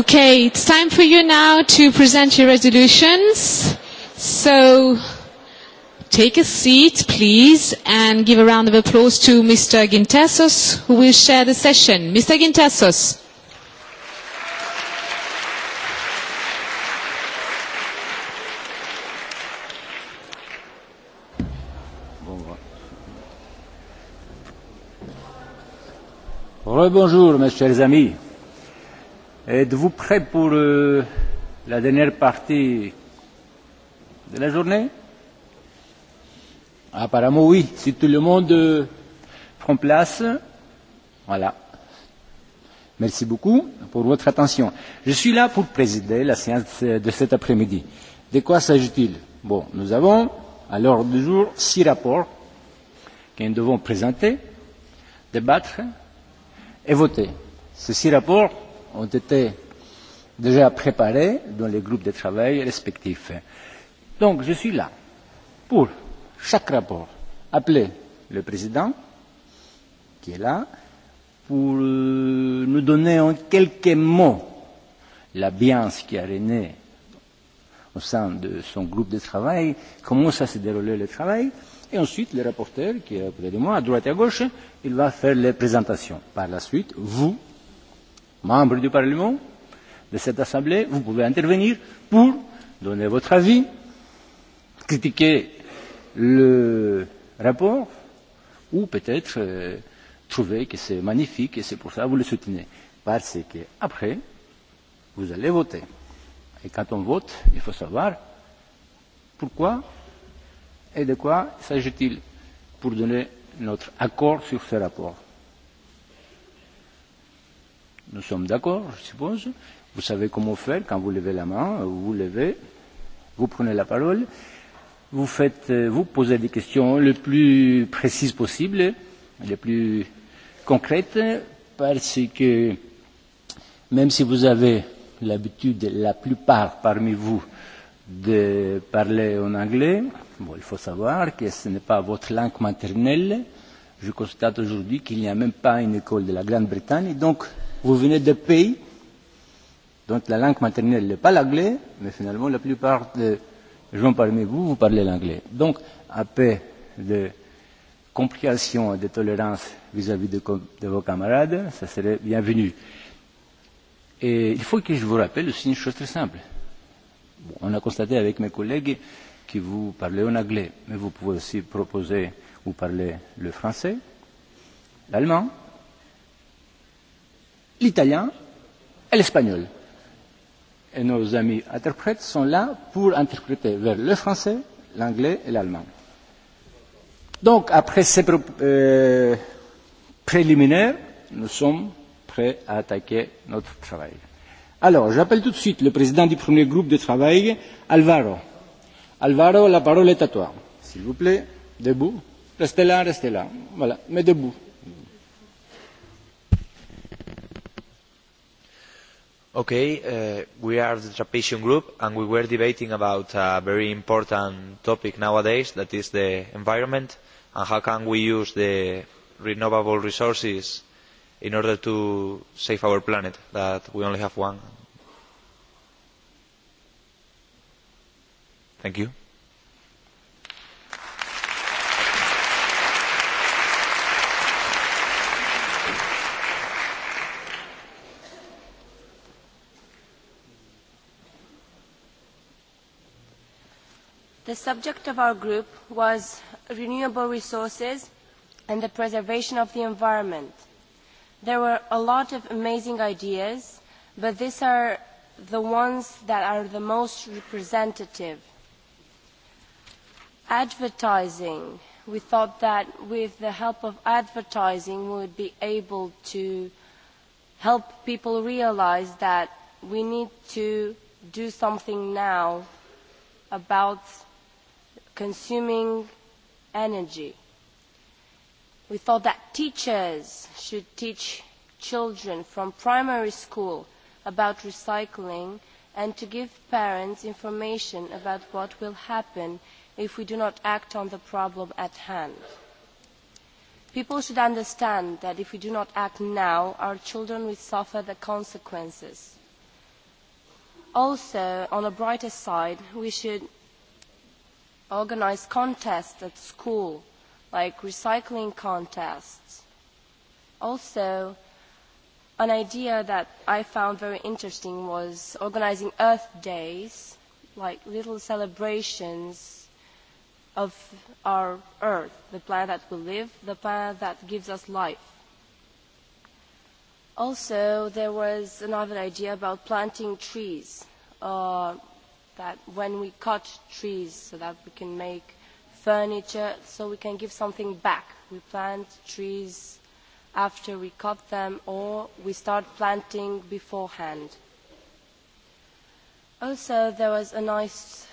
Okay, it's time for you now to present your resolutions. So take a seat, please, and give a round of applause to Mr. Gintasos, who will share the session. Mr. Gintasos. mes chers amis. Êtes-vous prêt pour la dernière partie de la journée Apparemment oui, si tout le monde prend place. Voilà. Merci beaucoup pour votre attention. Je suis là pour présider la séance de cet après-midi. De quoi s'agit-il Bon, nous avons à l'ordre du jour six rapports que nous devons présenter, débattre et voter. Ces six rapports ont été déjà préparés dans les groupes de travail respectifs. Donc, je suis là pour chaque rapport. Appeler le président, qui est là, pour nous donner en quelques mots la biance qui a régné au sein de son groupe de travail, comment ça s'est déroulé le travail, et ensuite le rapporteur, qui est auprès de moi, à droite et à gauche, il va faire les présentations. Par la suite, vous, membres du Parlement, de cette Assemblée, vous pouvez intervenir pour donner votre avis, critiquer le rapport, ou peut-être trouver que c'est magnifique et c'est pour ça que vous le soutenez. Parce que après, vous allez voter. Et quand on vote, il faut savoir pourquoi et de quoi s'agit-il pour donner notre accord sur ce rapport. Nous sommes d'accord, je suppose. Vous savez comment faire quand vous levez la main, vous levez, vous prenez la parole, vous faites, vous posez des questions le plus précises possible, les plus concrètes, parce que même si vous avez l'habitude, la plupart parmi vous, de parler en anglais, bon, il faut savoir que ce n'est pas votre langue maternelle. Je constate aujourd'hui qu'il n'y a même pas une école de la Grande-Bretagne, donc Vous venez de pays dont la langue maternelle n'est pas l'anglais, mais finalement la plupart des gens parmi vous, vous parlez l'anglais. Donc, à peu de compréhension et de tolérance vis-à-vis de, vos camarades, ça serait bienvenu. Et il faut que je vous rappelle aussi une chose très simple. On a constaté avec mes collègues que vous parlez en anglais, mais vous pouvez aussi proposer ou parler le français, l'allemand, l'italien et l'espagnol. Et nos amis interprètes sont là pour interpréter vers le français, l'anglais et l'allemand. Donc, après ces préliminaires, nous sommes prêts à attaquer notre travail. Alors, j'appelle tout de suite le président du premier groupe de travail, Alvaro. Alvaro, la parole est à toi. S'il vous plaît, debout. Restez là, restez là. Voilà, mais debout. Okay, we are the Trapezium Group and we were debating about a very important topic nowadays that is the environment and how can we use the renewable resources in order to save our planet that we only have one. Thank you. The subject of our group was renewable resources and the preservation of the environment. There were a lot of amazing ideas, but these are the ones that are the most representative. Advertising. We thought that with the help of advertising we would be able to help people realise that we need to do something now about consuming energy. We thought that teachers should teach children from primary school about recycling and to give parents information about what will happen if we do not act on the problem at hand. People should understand that if we do not act now, our children will suffer the consequences. Also, on a brighter side, we should organize contests at school, like recycling contests. Also, an idea that I found very interesting was organizing Earth Days, like little celebrations of our Earth, the planet that we live, the planet that gives us life. Also, there was another idea about planting trees that when we cut trees so that we can make furniture, so we can give something back. We plant trees after we cut them or we start planting beforehand. Also, there was a nice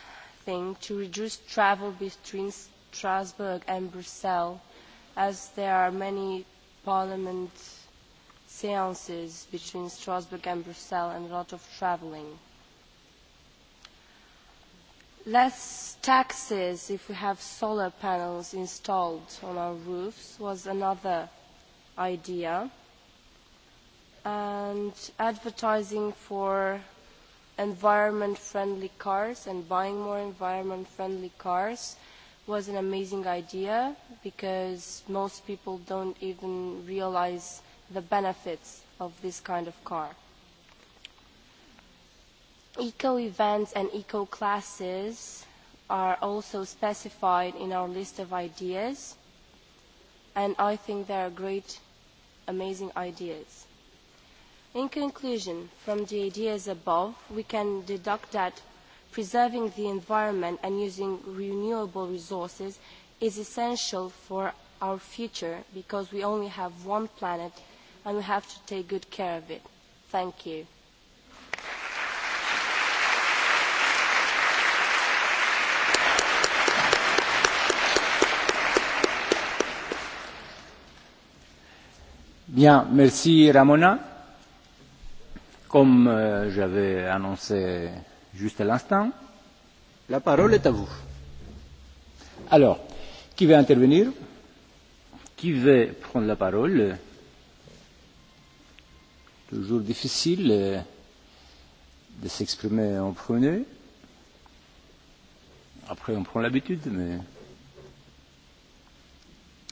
thing to reduce travel between Strasbourg and Brussels, as there are many parliament seances between Strasbourg and Brussels and a lot of travelling. Less taxes if we have solar panels installed on our roofs was another idea. And advertising for environment-friendly cars and buying more environment-friendly cars was an amazing idea because most people don't even realize the benefits of this kind of car. Eco events and eco classes are also specified in our list of ideas, and I think they are great, amazing ideas. In conclusion, from the ideas above, we can deduct that preserving the environment and using renewable resources is essential for our future because we only have one planet and we have to take good care of it. Thank you. Bien, merci Ramona. Comme j'avais annoncé juste à l'instant, la parole est à vous. Alors, qui veut intervenir Qui veut prendre la parole Toujours difficile de s'exprimer en premier. Après, on prend l'habitude, mais.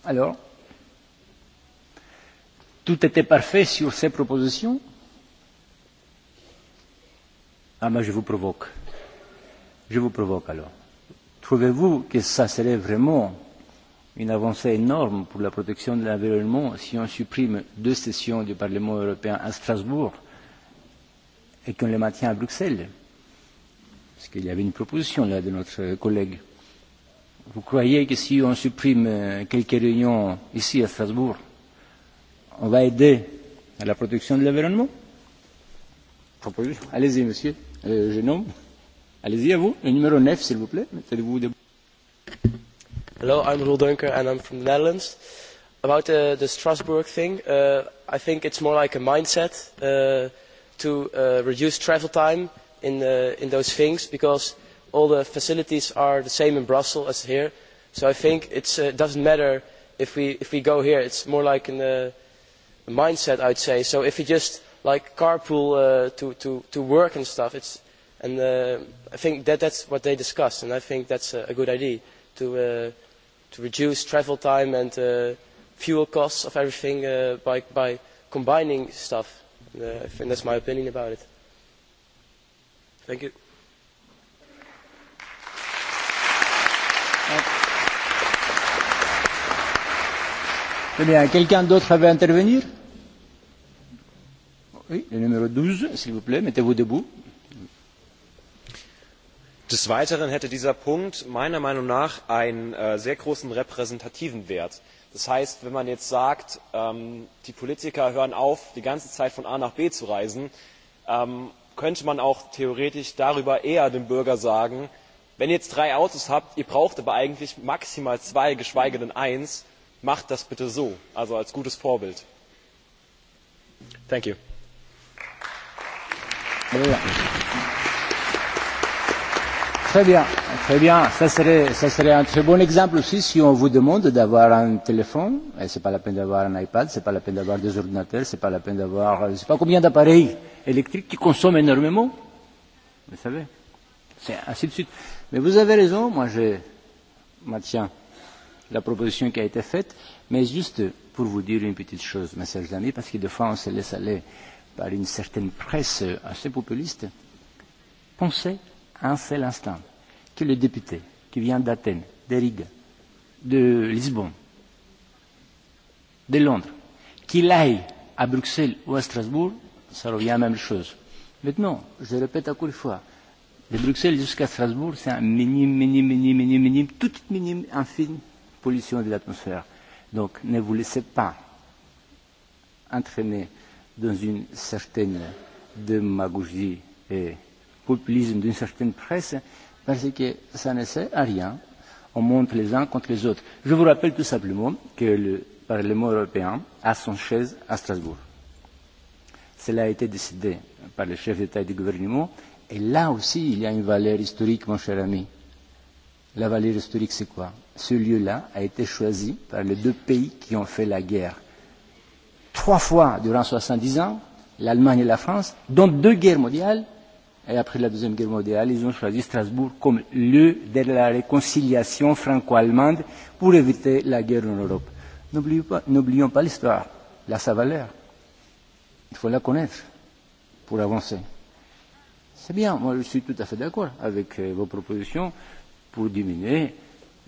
Alors Tout était parfait sur ces propositions Ah, mais je vous provoque. Je vous provoque alors. Trouvez-vous que ça serait vraiment une avancée énorme pour la protection de l'environnement si on supprime deux sessions du Parlement européen à Strasbourg et qu'on les maintient à Bruxelles Parce qu'il y avait une proposition là de notre collègue. Vous croyez que si on supprime quelques réunions ici à Strasbourg, on va aider à la protection de l'environnement Allez-y, monsieur, euh, je nomme. Allez-y, à vous. Le numéro 9, s'il vous plaît. Mettez-vous debout. Hello, I'm Roel Dunker and I'm from the Netherlands. About uh, the Strasbourg thing, uh, I think it's more like a mindset uh, to uh, reduce travel time in, uh, in those things because all the facilities are the same in Brussels as here. So I think it uh, doesn't matter if we, if we go here. It's more like an... Uh, mindset, I'd say. So if you just like carpool to to to work and stuff, it's and I think that that's what they discussed, and I think that's a good idea to to reduce travel time and fuel costs of everything by by combining stuff. And that's my opinion about it. Thank you. Très bien. Des Weiteren hätte dieser Punkt meiner Meinung nach einen sehr großen repräsentativen Wert. Das heißt, wenn man jetzt sagt, die Politiker hören auf, die ganze Zeit von A nach B zu reisen, könnte man auch theoretisch darüber eher dem Bürger sagen, wenn ihr jetzt drei Autos habt, ihr braucht aber eigentlich maximal zwei, geschweige denn eins, macht das bitte so also als gutes vorbild. thank you. Très bien, très bien. Ça serait, un très bon exemple aussi si on vous demande d'avoir un téléphone. Et n'est pas la peine d'avoir un iPad, ce n'est pas la peine d'avoir des ordinateurs, ce n'est pas la peine d'avoir, je ne sais pas combien d'appareils électriques qui consomment énormément. Vous savez. C'est ainsi de suite. Mais vous avez raison, moi je maintiens la proposition qui a été faite, mais juste pour vous dire une petite chose, mes chers amis, parce que des fois on se laisse aller par une certaine presse assez populiste, pensez un seul instant que le député qui vient d'Athènes, de de Lisbonne, de Londres, qu'il aille à Bruxelles ou à Strasbourg, ça revient à la même chose. Maintenant, je répète encore une fois, de Bruxelles jusqu'à Strasbourg, c'est un minime, minime, minime, minime, minime, toute minime, infime pollution de l'atmosphère. Donc ne vous laissez pas entraîner dans une certaine démagogie et populisme d'une certaine presse, parce que ça ne sert à rien. On montre les uns contre les autres. Je vous rappelle tout simplement que le Parlement européen a son chaise à Strasbourg. Cela a été décidé par le chef d'État et du gouvernement. Et là aussi, il y a une valeur historique, mon cher ami. La valeur historique, c'est quoi Ce lieu-là a été choisi par les deux pays qui ont fait la guerre. Trois fois durant 70 ans, l'Allemagne et la France, dans deux guerres mondiales, et après la Deuxième Guerre mondiale, ils ont choisi Strasbourg comme lieu de la réconciliation franco-allemande pour éviter la guerre en Europe. N'oublions pas l'histoire, la sa valeur. Il faut la connaître pour avancer. C'est bien, moi je suis tout à fait d'accord avec vos propositions pour diminuer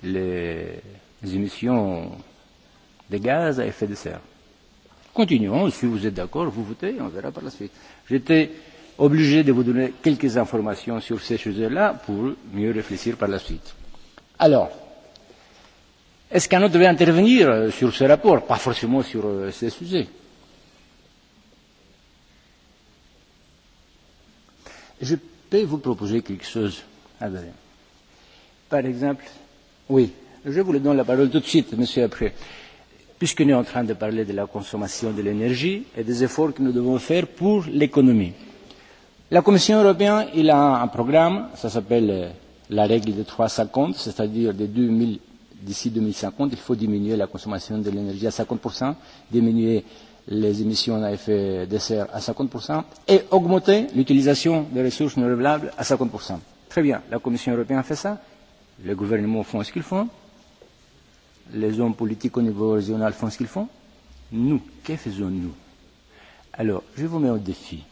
les émissions de gaz à effet de serre. Continuons, si vous êtes d'accord, vous votez, on verra par la suite. J'étais obligé de vous donner quelques informations sur ces sujets-là pour mieux réfléchir par la suite. Alors, est-ce qu'un autre devait intervenir sur ce rapport Pas forcément sur ces sujets. Je peux vous proposer quelque chose, Adrien par exemple oui je vous donne la parole tout de suite monsieur après puisque nous sommes en train de parler de la consommation de l'énergie et des efforts que nous devons faire pour l'économie la commission européenne il a un programme ça s'appelle la règle de 350 c'est-à-dire de 2000 d'ici 2050 il faut diminuer la consommation de l'énergie à 50 diminuer les émissions à effet de serre à 50 et augmenter l'utilisation des ressources renouvelables à 50 Très bien, la Commission européenne a fait ça, Les gouvernements font ce qu'ils font. Les hommes politiques au niveau régional font ce qu'ils font. Nous, que faisons-nous Alors, je vous mets au défi.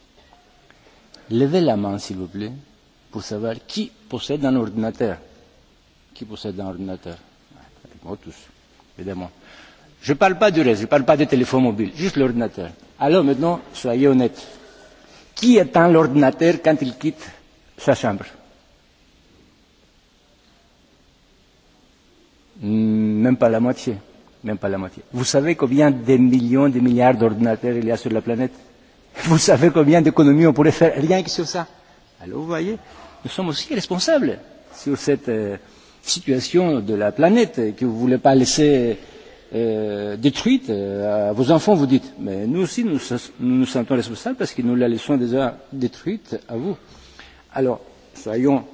Levez la main, s'il vous plaît, pour savoir qui possède un ordinateur. Qui possède un ordinateur Moi, tous, évidemment. Je ne parle pas du reste, je ne parle pas des téléphones mobiles, juste l'ordinateur. Alors maintenant, soyez honnêtes. Qui éteint l'ordinateur quand il quitte sa chambre Même pas la moitié. Même pas la moitié. Vous savez combien de millions, de milliards d'ordinateurs il y a sur la planète Vous savez combien d'économies on pourrait faire rien que sur ça Alors vous voyez, nous sommes aussi responsables sur cette situation de la planète que vous ne voulez pas laisser détruite à vos enfants, vous dites. Mais nous aussi, nous nous sentons responsables parce que nous la laissons déjà détruite à vous. Alors, soyons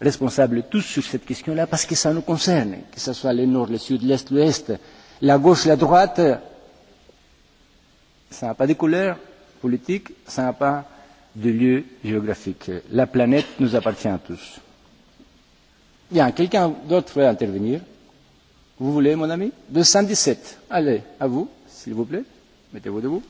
responsables tous sur cette question-là parce que ça nous concerne, que ce soit le nord, le sud, l'est, l'ouest, la gauche, la droite. Ça n'a pas de couleur politique, ça n'a pas de lieu géographique. La planète nous appartient à tous. Bien, quelqu'un d'autre veut intervenir Vous voulez, mon ami 217. Allez, à vous, s'il vous plaît. Mettez-vous debout.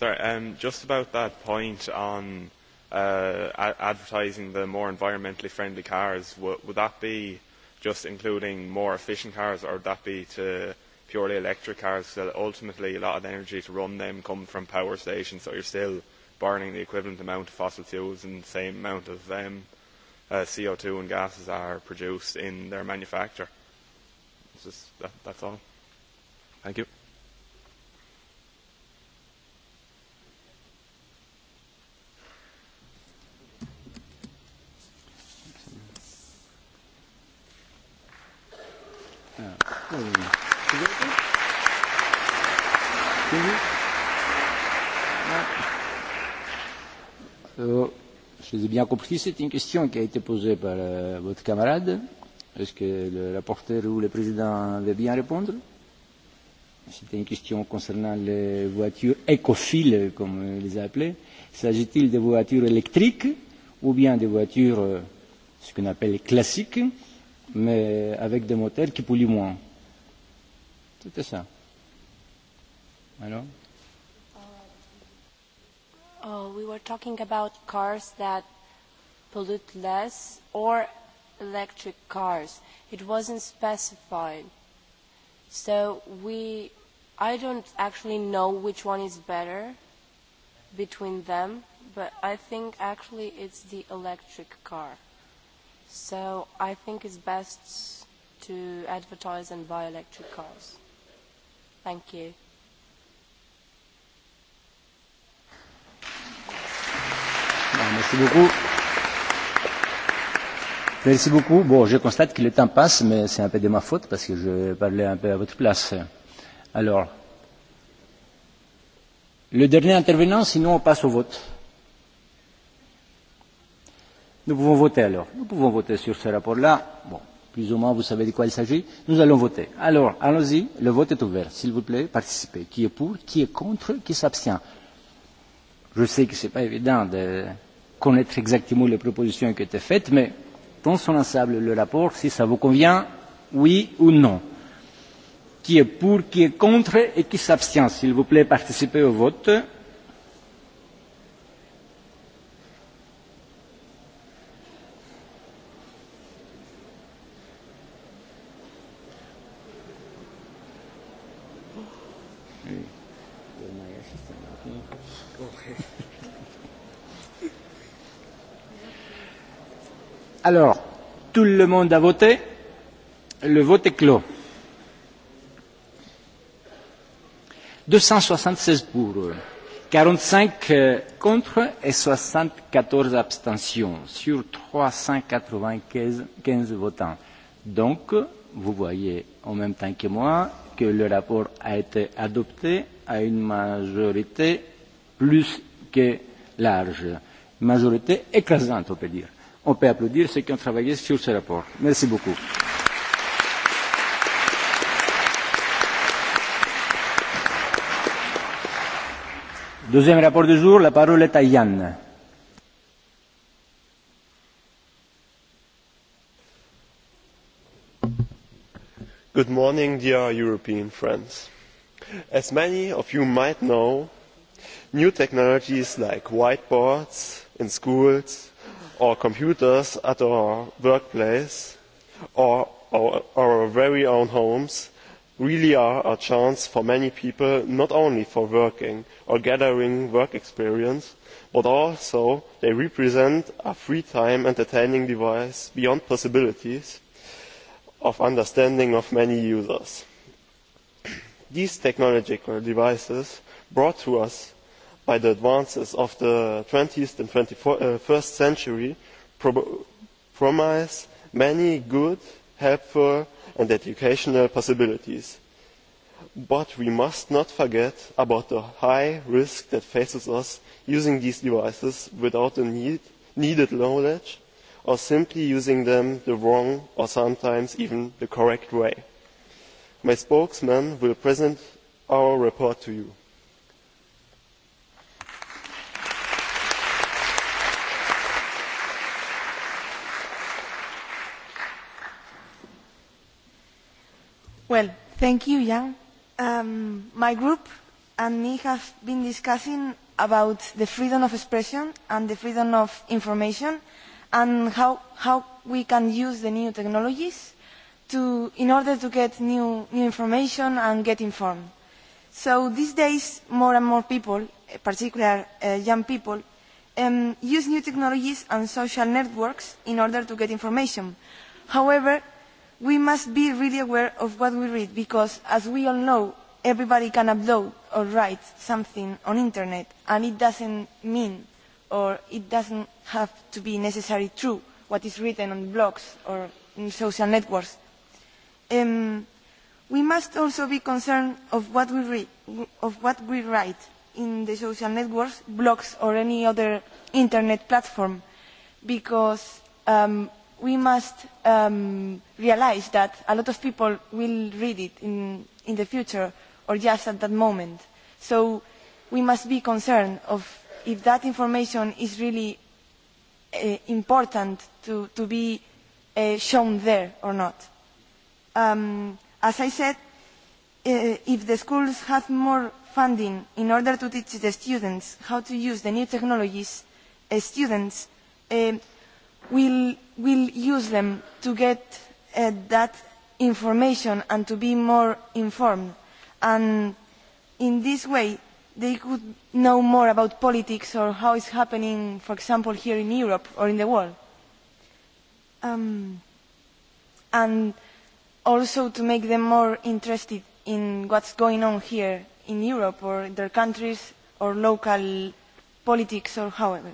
Sorry, just about that point on advertising the more environmentally friendly cars, would that be just including more efficient cars, or would that be to purely electric cars? So ultimately, a lot of energy to run them comes from power stations, so you're still burning the equivalent amount of fossil fuels and the same amount of CO2 and gases are produced in their manufacture. That's all. Thank you. Je vous ai bien compris, c'est une question qui a été posée par votre camarade. Est-ce que le rapporteur ou le président veut bien répondre C'était une question concernant les voitures écophiles, comme on les a appelées. S'agit-il des voitures électriques ou bien des voitures, ce qu'on appelle classiques, mais avec des moteurs qui polluent moins C'était ça. Alors Oh, we were talking about cars that pollute less or electric cars. It wasn't specified. So we, I don't actually know which one is better between them, but I think actually it's the electric car. So I think it's best to advertise and buy electric cars. Thank you. Merci beaucoup. Merci beaucoup. Bon, je constate que le temps passe, mais c'est un peu de ma faute parce que je parlais un peu à votre place. Alors, le dernier intervenant, sinon on passe au vote. Nous pouvons voter alors. Nous pouvons voter sur ce rapport-là. Bon, Plus ou moins, vous savez de quoi il s'agit. Nous allons voter. Alors, allons-y. Le vote est ouvert. S'il vous plaît, participez. Qui est pour Qui est contre Qui s'abstient Je sais que ce n'est pas évident de connaître exactement les propositions qui étaient faites, mais dans son ensemble, le rapport, si ça vous convient, oui ou non. Qui est pour Qui est contre Et qui s'abstient S'il vous plaît, participez au vote. Alors, tout le monde a voté. Le vote est clos. Deux cent soixante 276 pour, cinq contre et soixante quatorze abstentions sur trois cent quatre-vingt-quinze votants. Donc, vous voyez en même temps que moi que le rapport a été adopté à une majorité plus que large. Majorité écrasante, on peut dire. On peut applaudir ceux qui ont travaillé sur ce rapport. Merci beaucoup. Deuxième rapport du jour, la parole est à Yann. Good morning, dear European friends. As many of you might know, new technologies like whiteboards in schools or computers at our workplace or our very own homes really are a chance for many people not only for working or gathering work experience but also they represent a free time entertaining device beyond possibilities of understanding of many users. These technological devices brought to us by the advances of the 20th and 21st century promise many good, helpful and educational possibilities. But we must not forget about the high risk that faces us using these devices without the needed knowledge or simply using them the wrong or sometimes even the correct way. My spokesman will present our report to you. Thank Jan. My group and me have been discussing about the freedom of expression and the freedom of information and how we can use the new technologies in order to get new information and get informed. So these days more and more people, particularly young people, use new technologies and social networks in order to get information. However, we must be really aware of what we read because as we all know everybody can upload or write something on the internet and it doesn't mean or it doesn't have to be necessarily true what is written on blogs or in social networks. we must also be concerned of what we read, of what we write in the social networks, blogs or any other internet platform because we must realise that a lot of people will read it in the future or just at that moment. So we must be concerned of if that information is really important to be shown there or not. As I said, if the schools have more funding in order to teach the students how to use the new technologies, students will use them to get that information and to be more informed. And in this way, they could know more about politics or how it's happening, for example, here in Europe or in the world. And also to make them more interested in what's going on here in Europe or in their countries or local politics or however.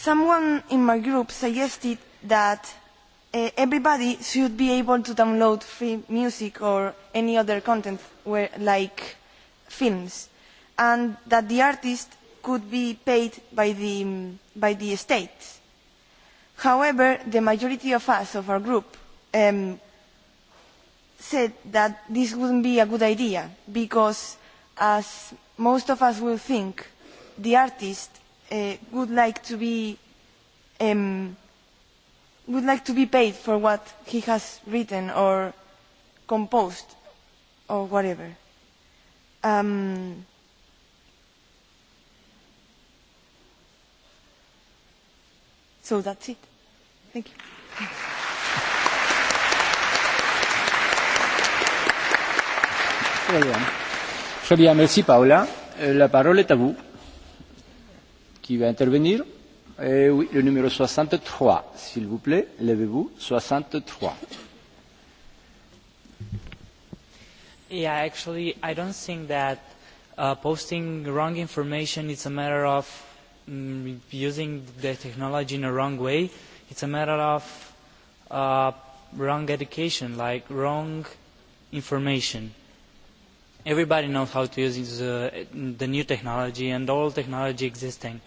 Someone in my group suggested that everybody should be able to download free music or any other content like films and that the artist could be paid by the state. However, the majority of us of our group said that this wouldn't be a good idea because, as most of us will think, the artist would like to be would like to be paid for what he has written or composed or whatever. Um, so that's it. Thank you. Très bien. Très bien, merci Paola. La parole est à vous qui veut intervenir Oui, le numéro 63, s'il vous plaît. Levez-vous. 63. Yeah, actually, I don't think that posting wrong information is a matter of using the technology in a wrong way. It's a matter of wrong education, like wrong information. Everybody knows how to use the new technology and all technology existing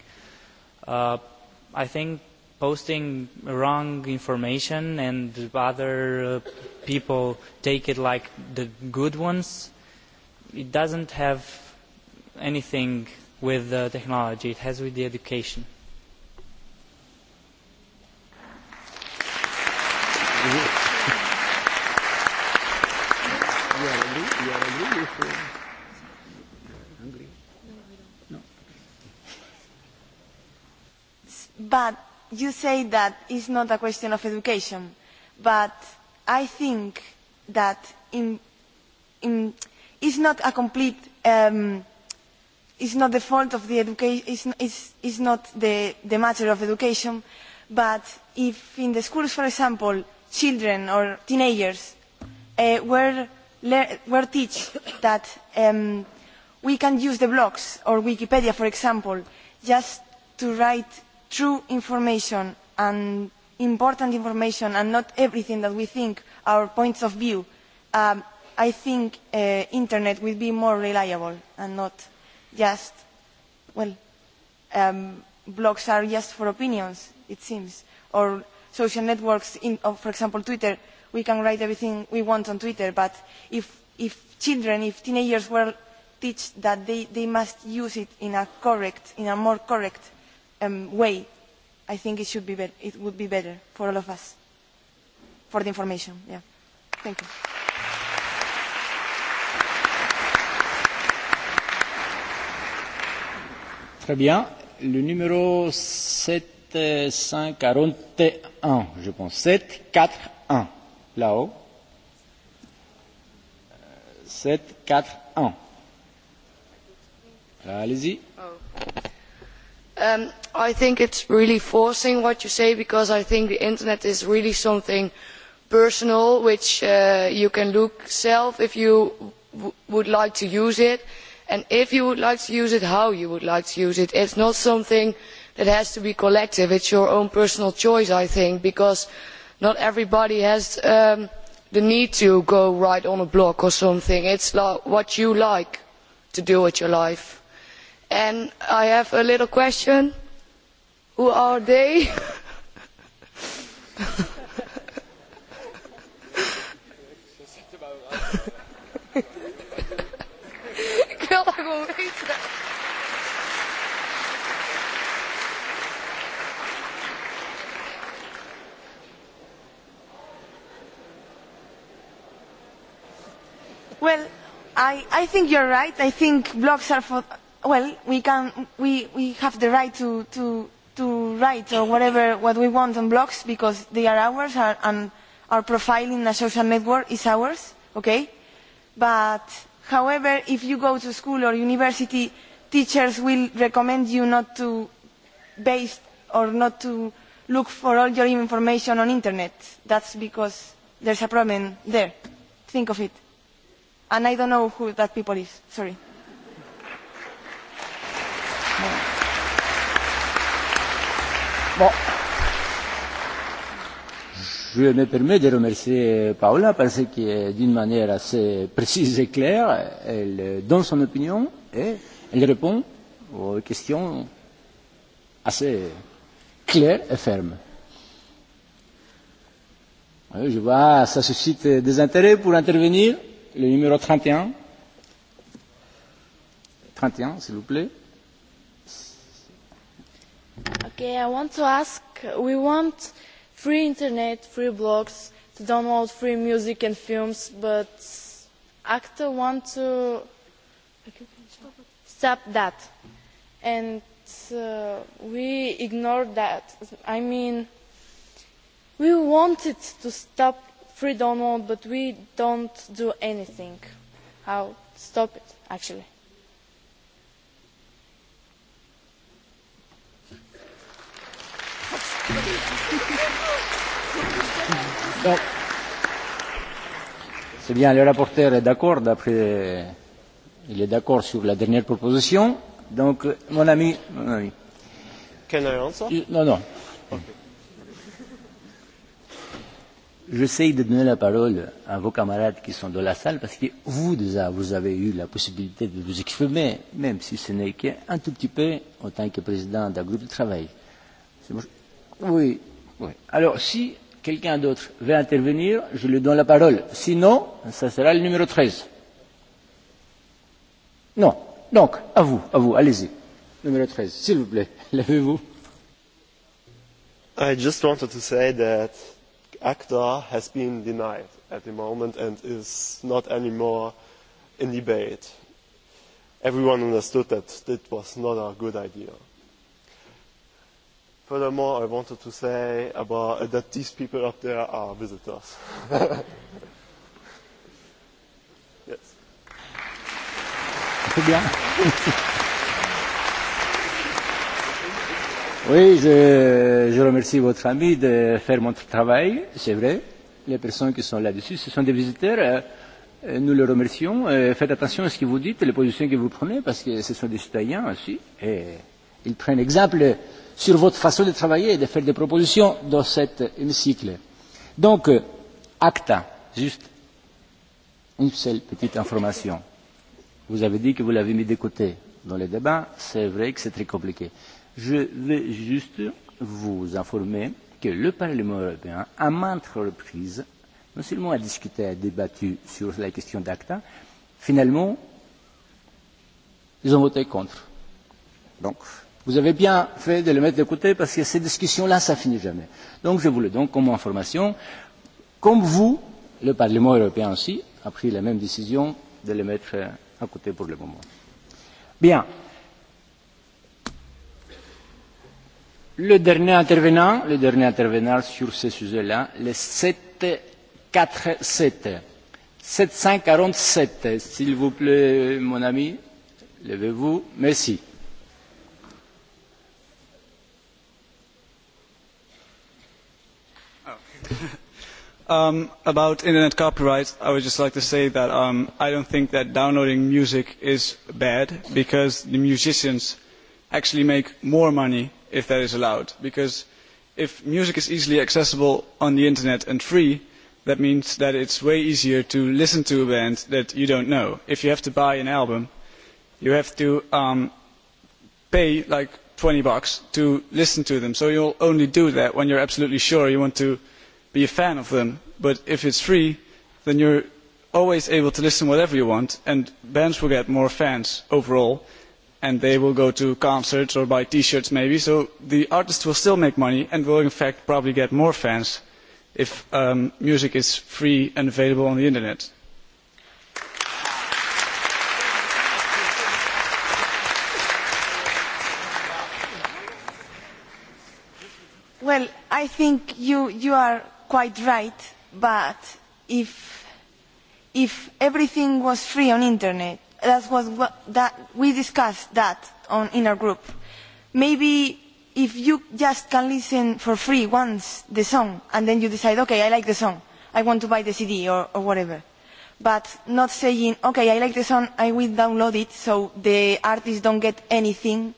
I think posting wrong information and other people take it like the good ones, it doesn't have anything with the technology. It has with the education. But you say that is not a question of education. But I think that it's not a complete, it's not the fault of the education, it's not the matter of education. But if in the schools, for example, children or teenagers were taught that we can use the blogs or Wikipedia, for example, just to write true information and important information and not everything that we think our points of view i think the internet will be more reliable and not just well blogs are just for opinions it seems or social networks for example twitter we can write everything we want on twitter but if if children if teenagers were taught that they must use it in a correct in a more correct way, I think it should be it would be better for all of us. For the information, yeah. Thank you. Très bien. Le numéro 741, je pense. 741, là-haut. 741. Allez-y. Oh. I think is really forcing what you say because I think the internet is really something personal which you can look yourself if you would like to use it and if you would like to use it how you would like to use it. It is not something that has to be collective. it is your own personal choice I think because not everybody has the need to go write on a blog or something. It is what you like to do with your life. And I have a little question. Who are they? Ik wil dat gewoon weten. Well, I, I think you're right. I think blogs are for well we can we we have the right to to to write or whatever what we want on blogs because they are ours and our profile in a social network is ours okay but however if you go to school or university teachers will recommend you not to base or not to look for all your information on internet that's because there's a problem there think of it and i don't know who that people is sorry Je me permets de remercier Paola parce que d'une manière assez précise et claire, elle donne son opinion et elle répond aux questions assez claires et fermes. Je vois, ça suscite des intérêts pour intervenir. Le numéro 31. 31, s'il vous plaît. Okay, I want to ask, we want free internet, free blogs, to download free music and films, but actors want to stop that. And we ignore that. I mean, we wanted to stop free download, but we don't do anything. How stop it, actually. C'est bien, le rapporteur est d'accord, d'après, il est d'accord sur la dernière proposition. Donc, mon ami, mon ami. Can Non, non. J'essaye de donner la parole à vos camarades qui sont dans la salle parce que vous déjà, vous avez eu la possibilité de vous exprimer, même si ce n'est qu'un tout petit peu en tant que président d'un groupe de travail. Oui. Alors, si quelqu'un d'autre veut intervenir, je lui donne la parole. Sinon, ça sera le numéro 13. Non. Donc, à vous, à vous, allez-y. Numéro 13, s'il vous plaît, levez-vous. I just wanted to say that ACTA has been denied at the moment and is not anymore in debate. Everyone understood that it was not a good idea. Furthermore, I wanted to say about that these people up there are visitors. yes. bien. Oui, je, je remercie votre ami de faire mon travail, c'est vrai. Les personnes qui sont là-dessus, ce sont des visiteurs. Nous les remercions. Faites attention à ce que vous dites, les positions que vous prenez, parce que ce sont des citoyens aussi. Et ils prennent exemple sur votre façon de travailler et de faire des propositions dans cet hémicycle. Donc, ACTA, juste une seule petite information. Vous avez dit que vous l'avez mis de côté dans les débats. C'est vrai que c'est très compliqué. Je veux juste vous informer que le Parlement européen, à maintes reprises, non seulement a discuté, a débattu sur la question d'ACTA, finalement, ils ont voté contre. Donc, Vous avez bien fait de le mettre de côté parce que ces discussions-là, ça finit jamais. Donc je vous le donne comme information. Comme vous, le Parlement européen aussi a pris la même décision de le mettre à côté pour le moment. Bien. Le dernier intervenant, le dernier intervenant sur ce sujet-là, le 747. 747, s'il vous plaît, mon ami. Levez-vous. Merci. About internet copyright, I would just like to say that I don't think that downloading music is bad because the musicians actually make more money if that is allowed. Because if music is easily accessible on the internet and free, that means that it's way easier to listen to a band that you don't know. If you have to buy an album, you have to pay like 20 bucks to listen to them. So you'll only do that when you're absolutely sure you want to be a fan of them, but if it's free, then you're always able to listen whatever you want, and bands will get more fans overall, and they will go to concerts or buy T-shirts maybe. So the artists will still make money and will in fact probably get more fans if music is free and available on the internet. Well, I think you are quite right, but if everything was free on internet, that was that we discussed that in our group. Maybe if you just can listen for free once the song, and then you decide, okay, I like the song, I want to buy the CD or whatever, but not saying, okay, I like the song, I will download it, so the artist don't get anything,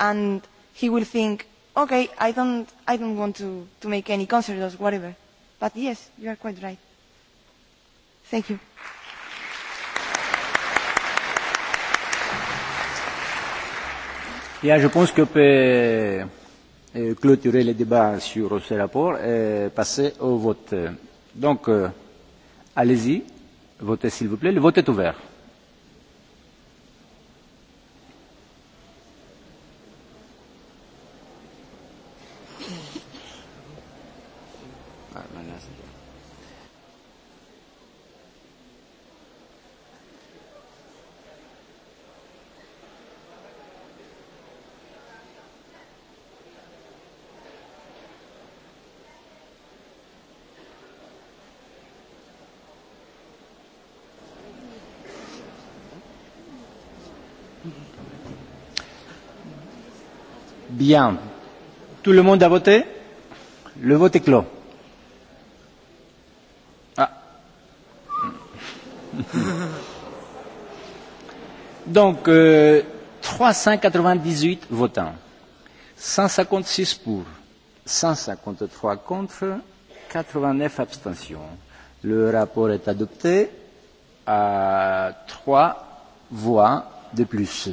and he will think, okay, I don't I don't want to to make any concert or whatever. But yes, you are quite right. Thank you. Bien, je pense que peut clôturer le débat sur ce rapport et passer au vote. Donc, allez-y, votez s'il vous plaît. Le vote est ouvert. Bien. Tout le monde a voté Le vote est clos. Ah. Donc, euh, 398 votants, 156 pour, 153 contre, 89 abstentions. Le rapport est adopté à trois voix de plus.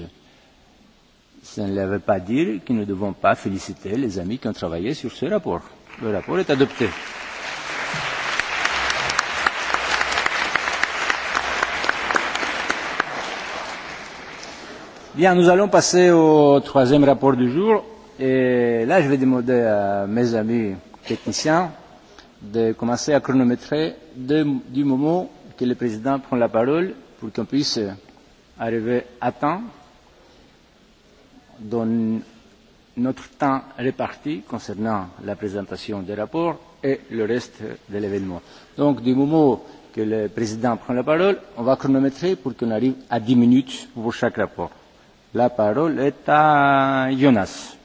Ça ne veut pas dire que nous ne devons pas féliciter les amis qui ont travaillé sur ce rapport. Le rapport est adopté. Bien, nous allons passer au troisième rapport du jour. Et là, je vais demander à mes amis techniciens de commencer à chronométrer du moment que le président prend la parole pour qu'on puisse arriver à temps dans notre temps réparti concernant la présentation des rapports et le reste de l'événement. Donc, du moment que le président prend la parole, on va chronométrer pour qu'on arrive à 10 minutes pour chaque rapport. La parole est à Jonas.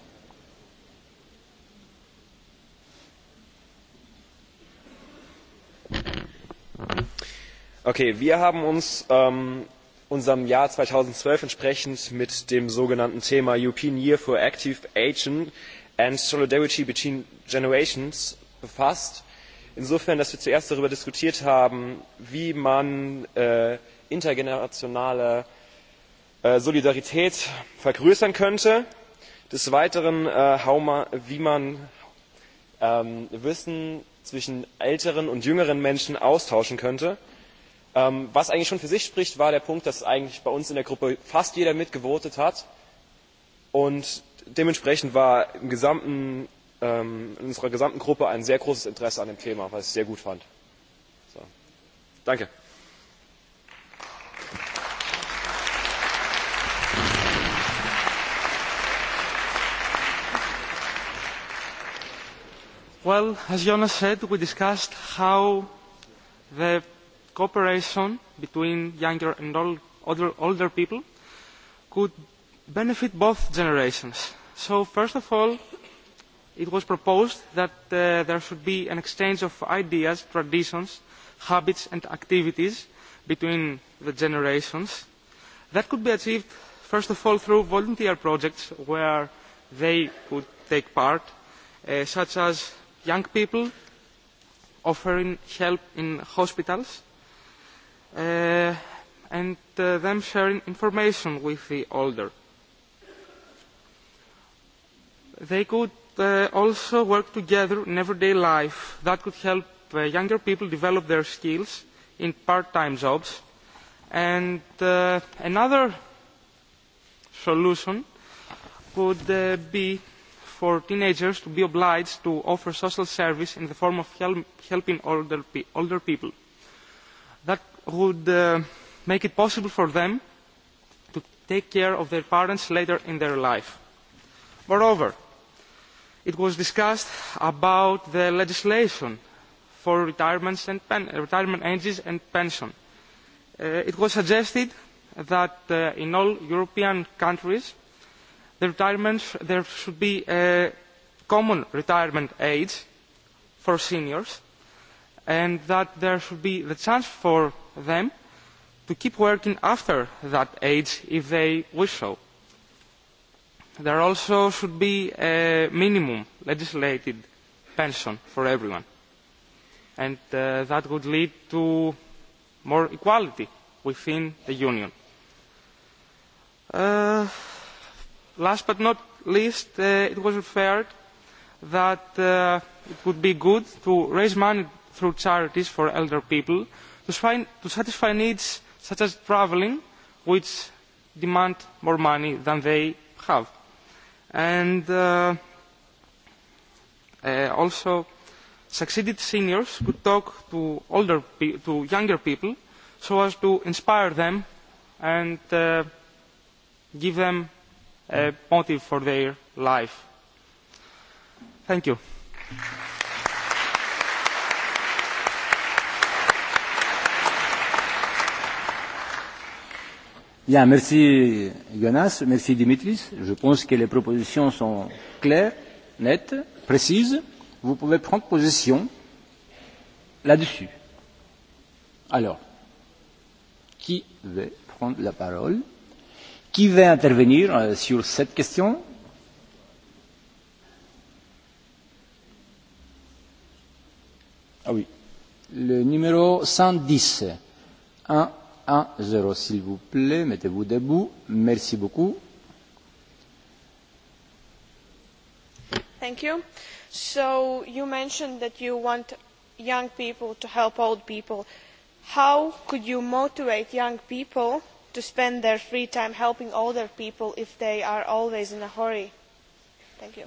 Okay, wir haben uns ähm, unserem Jahr 2012 entsprechend mit dem sogenannten Thema European Year for Active Aging and Solidarity Between Generations befasst. Insofern, dass wir zuerst darüber diskutiert haben, wie man intergenerationale Solidarität vergrößern könnte. Des Weiteren, wie man Wissen zwischen älteren und jüngeren Menschen austauschen könnte was eigentlich schon für sich spricht war der punkt dass eigentlich bei uns in der gruppe fast jeder mitgevotet hat und dementsprechend war in unserer gesamten gruppe ein sehr großes interesse an dem thema was ich sehr gut fand. danke! well as jonas said we discussed how the cooperation between younger and older people could benefit both generations. So first of all, it was proposed that there should be an exchange of ideas, traditions, habits and activities between the generations. That could be achieved first of all through volunteer projects where they could take part, such as young people offering help in hospitals and them sharing information with the older. They could also work together in everyday life. That could help younger people develop their skills in part-time jobs. And another solution would be for teenagers to be obliged to offer social service in the form of helping older people would make it possible for them to take care of their parents later in their life. Moreover, it was discussed about the legislation for retirement ages and pension. It was suggested that in all European countries there should be a common retirement age for seniors and that there should be the chance for them to keep working after that age if they wish so. There also should be a minimum legislated pension for everyone. And that would lead to more equality within the Union. Last but not least, it was referred that it would be good to raise money through charities for elder people to satisfy needs such as travelling, which demand more money than they have. And also, succeeded seniors could talk to older, to younger people, so as to inspire them and give them a motive for their life. Thank you. Bien, merci Jonas, merci Dimitris. Je pense que les propositions sont claires, nettes, précises. Vous pouvez prendre position là-dessus. Alors, qui veut prendre la parole Qui veut intervenir sur cette question Ah oui, le numéro 110. 1, 1 0 s'il vous plaît mettez-vous debout merci beaucoup thank you so you mentioned that you want young people to help old people how could you motivate young people to spend their free time helping older people if they are always in a hurry thank you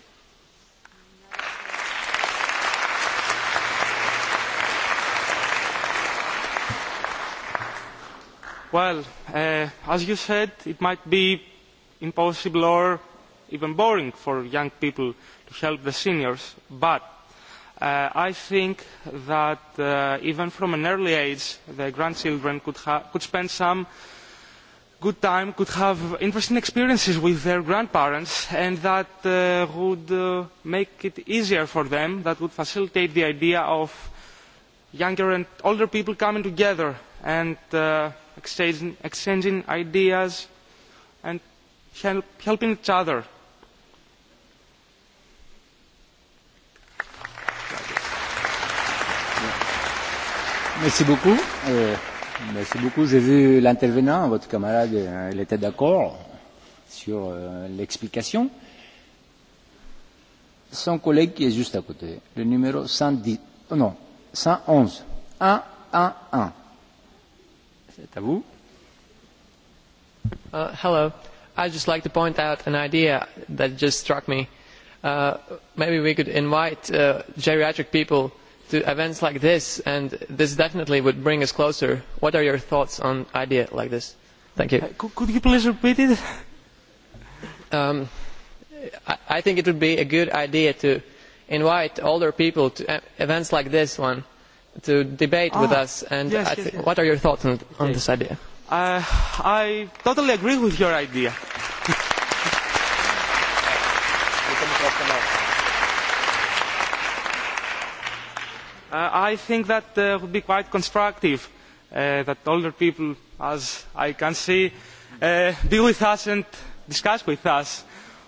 Well, as you said, it might be impossible or even boring for young people to help the seniors, but I think that even from an early age, the grandchildren could spend some good time, could have interesting experiences with their grandparents, and that would make it easier for them, that would facilitate the idea of younger and older people coming together and exchanging ideas and helping each other. Merci beaucoup. Merci beaucoup. J'ai vu l'intervenant, votre camarade, il était d'accord sur l'explication. Son collègue qui est juste à côté, le numéro 110, non, 111, 111. C'est Hello. I'd just like to point out an idea that just struck me. Maybe we could invite geriatric people to events like this, and this definitely would bring us closer. What are your thoughts on an idea like this? Thank you. Could you please repeat it? I think it would be a good idea to invite older people to events like this one to debate with us and what are your thoughts on this idea? I totally agree with your idea. I think that would be quite constructive that older people, as I can see, be with us and discuss with us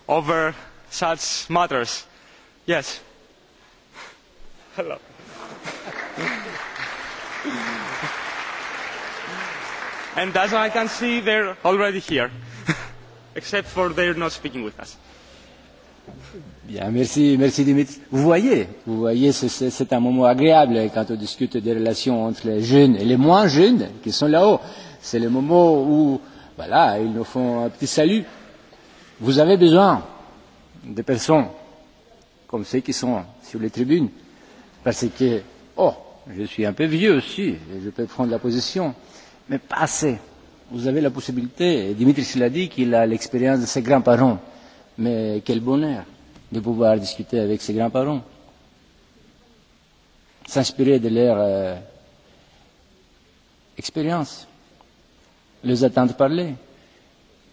over such matters. Yes. Hello. And as I can see, they're already here, except for they're not speaking with us. Bien, merci, merci Dimitri. Vous voyez, vous voyez, c'est un moment agréable quand on discute des relations entre les jeunes et les moins jeunes qui sont là-haut. C'est le moment où, voilà, ils nous font un petit salut. Vous avez besoin de personnes comme ceux qui sont sur les tribunes, parce que Oh, je suis un peu vieux aussi, je peux prendre la position, mais pas assez. Vous avez la possibilité, et Dimitri l'a dit, qu'il a l'expérience de ses grands-parents. Mais quel bonheur de pouvoir discuter avec ses grands-parents, s'inspirer de leur expérience, les attendre parler.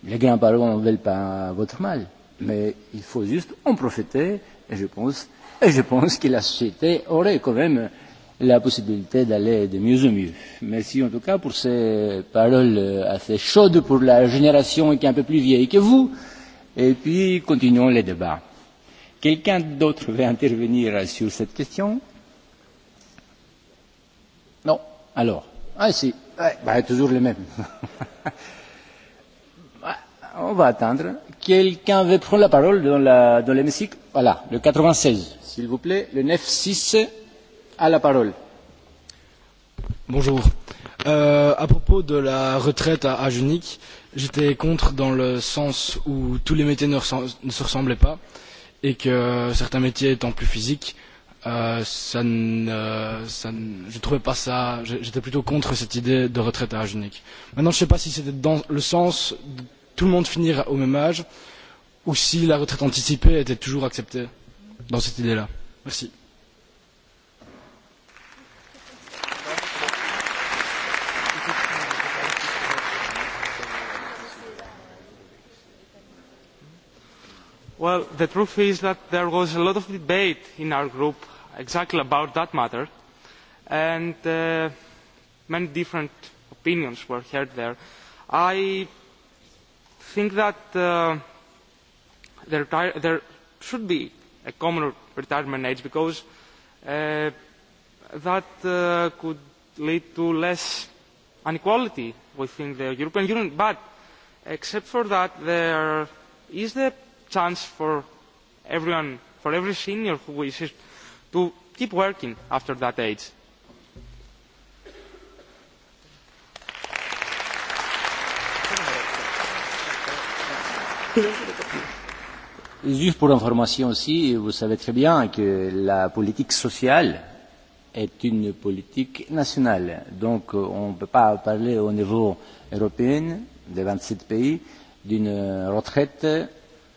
Les grands-parents ne veulent pas votre mal, mais il faut juste en profiter, et je pense, et je pense que la société aurait quand même la possibilité d'aller de mieux en mieux. Merci en tout cas pour ces paroles assez chaudes pour la génération qui est un peu plus vieille que vous. Et puis, continuons les débats. Quelqu'un d'autre veut intervenir sur cette question Non Alors Ah si, bah, toujours les mêmes. On va attendre. Quelqu'un veut prendre la parole dans l'hémicycle Voilà, le 96, s'il vous plaît, le 96 a la parole. Bonjour. À propos de la retraite à âge unique, j'étais contre dans le sens où tous les métiers ne se ressemblaient pas et que certains métiers étant plus physiques, ça ne, je trouvais pas ça, j'étais plutôt contre cette idée de retraite à âge unique. Maintenant, je ne sais pas si c'était dans le sens de tout le monde finir au même âge ou si la retraite anticipée était toujours acceptée dans cette idée-là. Merci. Well, the truth is that there was a lot of debate in our group exactly about that matter, and many different opinions were heard there. I think that there should be a common retirement age because that could lead to less inequality within the European Union. But except for that, there is the chance for everyone, for every senior who wishes to keep working after that age. Juste pour information aussi, vous savez très bien que la politique sociale est une politique nationale. Donc on ne peut pas parler au niveau européen des 27 pays d'une retraite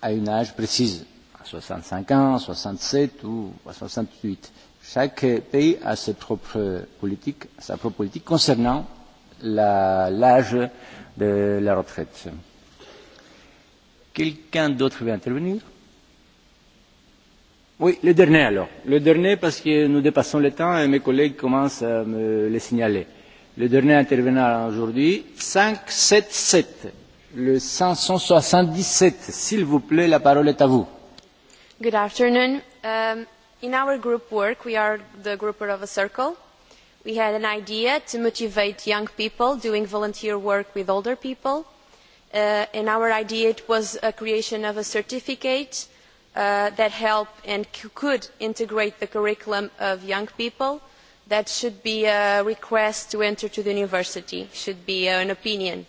à une âge précise, à 65 ans, à 67 ou à 68. Chaque pays a ses propres politiques, sa propre politique concernant l'âge de la retraite. Quelqu'un d'autre veut intervenir Oui, le dernier alors. Le dernier parce que nous dépassons le temps et mes collègues commencent à me le signaler. Le dernier intervenant aujourd'hui, 577 le 577 s'il vous plaît la parole est à vous good afternoon in our group work we are the group of a circle we had an idea to motivate young people doing volunteer work with older people and our idea was a creation of a certificate that help and could integrate the curriculum of young people that should be a request to enter to the university should be an opinion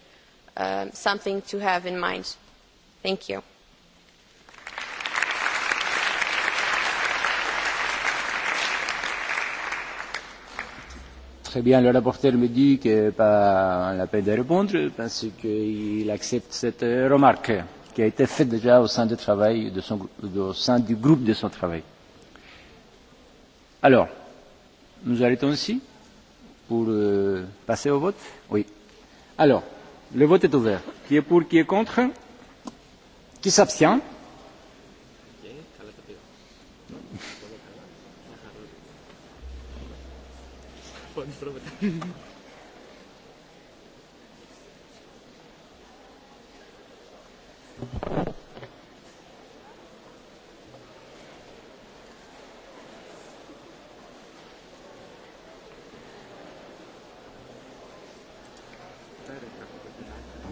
something to have in mind. Thank you. Très bien, le rapporteur me dit que pas la peine de répondre parce qu'il accepte cette remarque qui a été faite déjà au sein, du travail de son, au sein du groupe de son travail. Alors, nous arrêtons ici pour passer au vote Oui. Alors, Le vote est ouvert. Qui est pour, qui est contre Qui s'abstient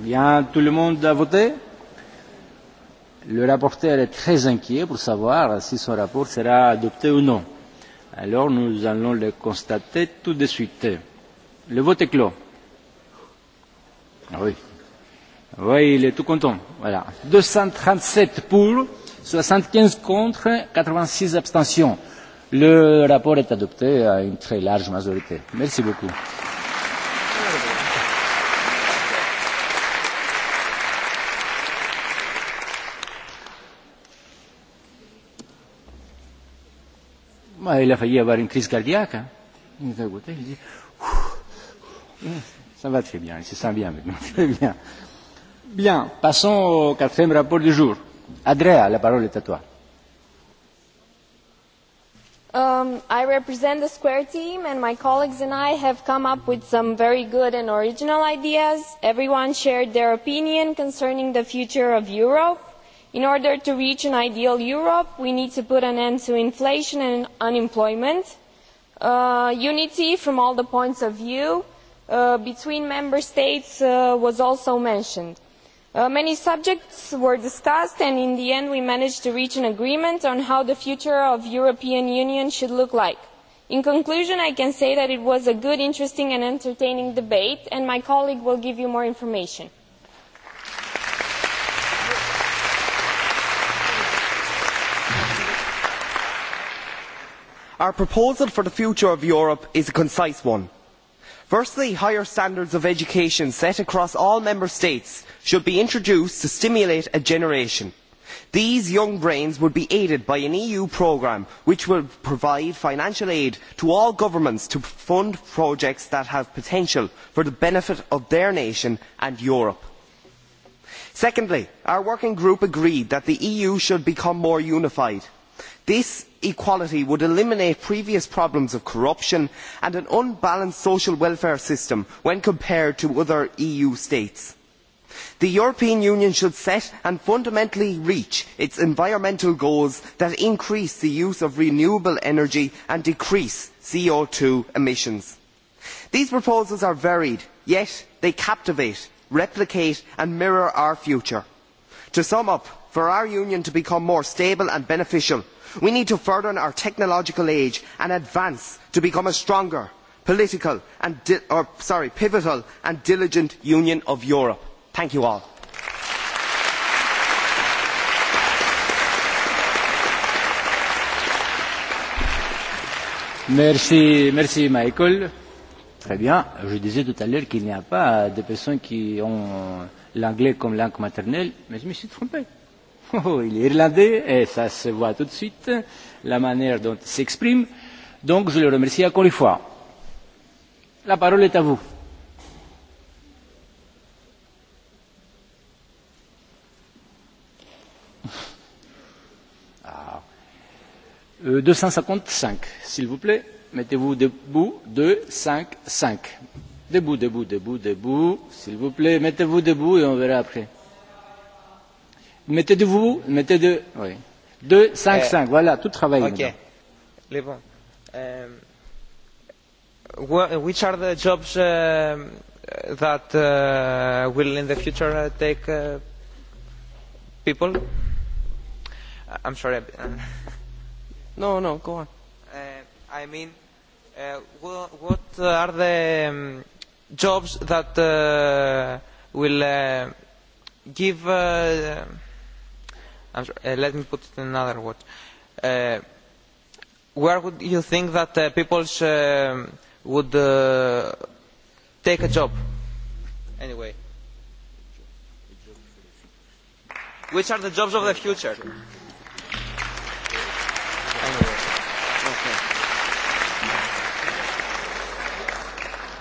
Bien, tout le monde a voté Le rapporteur est très inquiet pour savoir si son rapport sera adopté ou non. Alors nous allons le constater tout de suite. Le vote est clos. Oui. Oui, il est tout content. Voilà. 237 pour, 75 contre, 86 abstentions. Le rapport est adopté à une très large majorité. Merci beaucoup. il a failli avoir une crise cardiaque. Hein. Il est dit Ça va très bien, il se sent bien maintenant. Très bien. Bien, passons au quatrième rapport du jour. Andrea, la parole est à toi. Um, I represent the Square team and my colleagues and I have come up with some very good and original ideas. Everyone shared their opinion concerning the future of Europe in order to reach an ideal europe we need to put an end to inflation and unemployment unity from all the points of view between member states was also mentioned. many subjects were discussed and in the end we managed to reach an agreement on how the future of the european union should look like. in conclusion i can say that it was a good interesting and entertaining debate and my colleague will give you more information. our proposal for the future of europe is a concise one. firstly higher standards of education set across all member states should be introduced to stimulate a generation. these young brains would be aided by an eu programme which will provide financial aid to all governments to fund projects that have potential for the benefit of their nation and europe. secondly our working group agreed that the eu should become more unified. this equality would eliminate previous problems of corruption and an unbalanced social welfare system when compared to other eu states. the european union should set and fundamentally reach its environmental goals that increase the use of renewable energy and decrease co two emissions. these proposals are varied yet they captivate replicate and mirror our future to sum up for our union to become more stable and beneficial we need to further our technological age and advance to become a stronger political and sorry, pivotal and diligent union of europe. thank you all. Merci, merci Michael. Très bien. Je disais tout à l'heure qu'il n'y a pas de personnes qui ont l'anglais comme langue maternelle, mais je me suis trompé. Oh, il est irlandais et ça se voit tout de suite, la manière dont il s'exprime. Donc je le remercie encore une fois. La parole est à vous. deux cent cinquante s'il vous plaît mettez vous debout 255. cinq Debout, debout, debout, debout. S'il vous plaît, mettez-vous debout et on verra après. Mettez-vous, mettez deux. Oui. Deux, cinq, cinq. Voilà, tout travaille. Ok. Les bons. Which are the jobs that will in the future take people? I'm sorry. No, no, go on. I mean, what are the jobs that will give let me put it in another word where would you think that people would take a job anyway which are the jobs of the future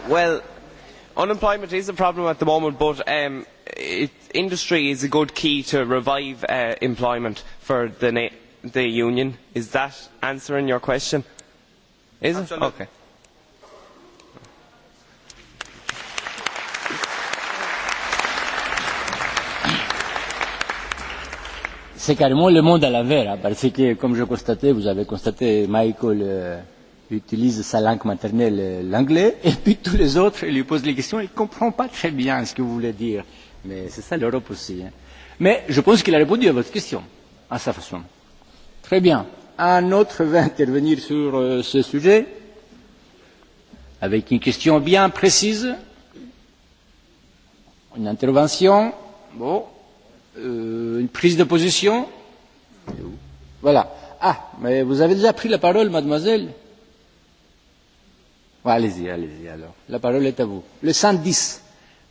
well unemployment is a problem at the moment but industry is a good key to revive employment for the the union. is that answering your question? is it? okay. C'est carrément le monde à l'envers, parce que, comme je constatais, vous avez constaté, Michael, utilise sa langue maternelle, l'anglais, et puis tous les autres lui posent les questions, il ne comprend pas très bien ce que vous voulez dire. Mais c'est ça l'Europe aussi. Mais je pense qu'il a répondu à votre question, à sa façon. Très bien. Un autre va intervenir sur ce sujet, avec une question bien précise, une intervention, bon, une prise de position. Voilà. Ah, mais vous avez déjà pris la parole, mademoiselle. Allez-y, allez-y alors. La parole est à vous. Le 110.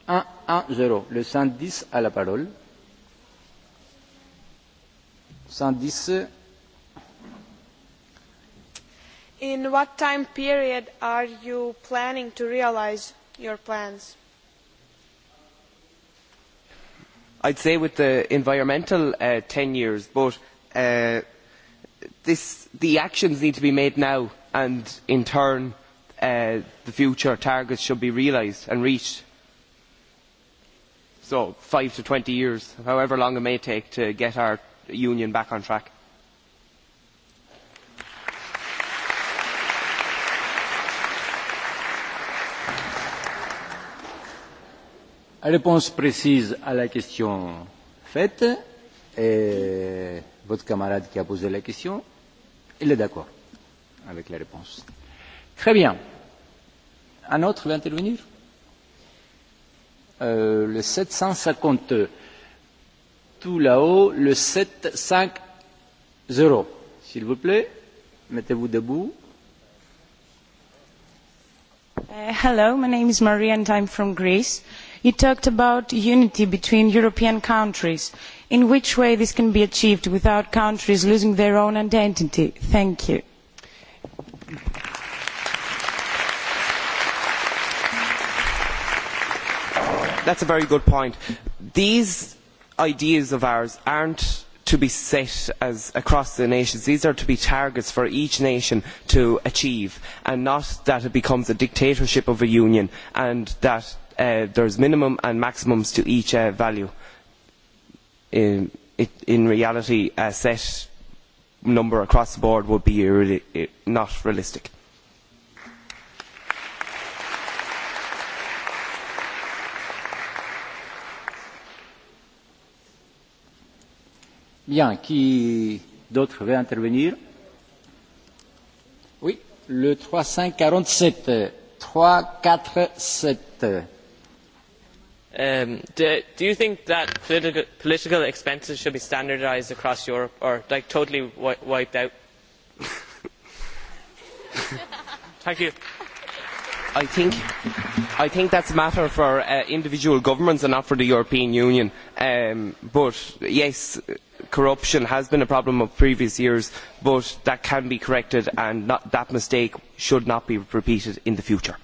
1, 1, 0. Le 110 a la parole. 110. In what time period are you planning to realize your plans? I'd say with the environmental 10 years, but this, the actions need to be made now and in turn the future targets should be realised and reached. So five to 20 years, however long it may take to get our union back on track. Réponse précise à la question faite. Et votre camarade qui a posé la question, il est d'accord avec la réponse. Très bien. Un autre veut intervenir euh, Le 750, Tout là-haut, le 750. S'il vous plaît, mettez-vous debout. Uh, hello, my name is Maria and I'm from Greece. You talked about unity between European countries. In which way this can be achieved without countries losing their own identity? Thank you. that's a very good point. These ideas of ours aren't to be set across the nations. These are to be targets for each nation to achieve and not that it becomes a dictatorship of a union and that there's minimum and maximums to each value. In reality, a set number across the board would be not realistic. Bien, qui d'autre veut intervenir Oui, le 347. 347. do, you think that political, political expenses should be standardized across Europe or like totally wiped out? Thank you. I think, I think that's a matter for individual governments and not for the European Union. Um, but yes, corruption has been a problem of previous years but that can be corrected and that mistake should not be repeated in the future.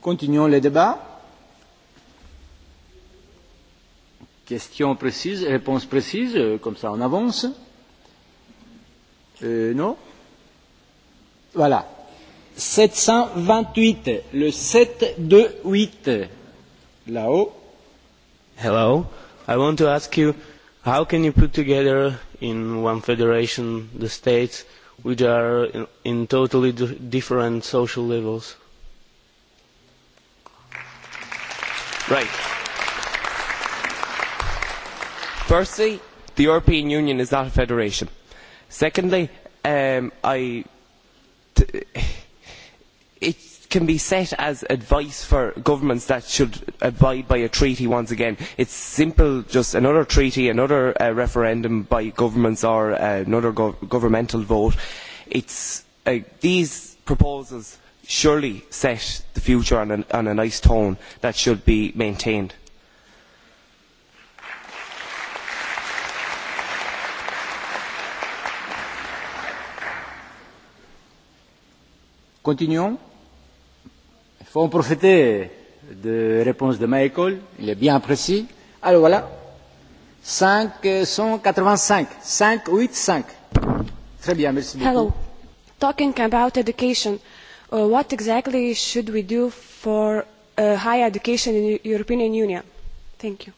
Continuons le débat. Questions précises, réponses précises, comme ça on avance. Euh, Non Voilà. 728, le 728, là-haut. Hello, I want to ask you, how can you put together in one federation the states which are in totally different social levels? Right. Firstly, the European Union is not a federation. Secondly, I it can be set as advice for governments that should abide by a treaty once again. It's simple, just another treaty, another referendum by governments or another governmental vote. These proposals surely set the future on a nice tone that should be maintained. Il faut en profiter de réponse de Michael, il est bien précis. Alors voilà, 585, 585. Très bien, merci beaucoup. Hello. Talking about education, what exactly should we do for higher education in the European Union? Thank you.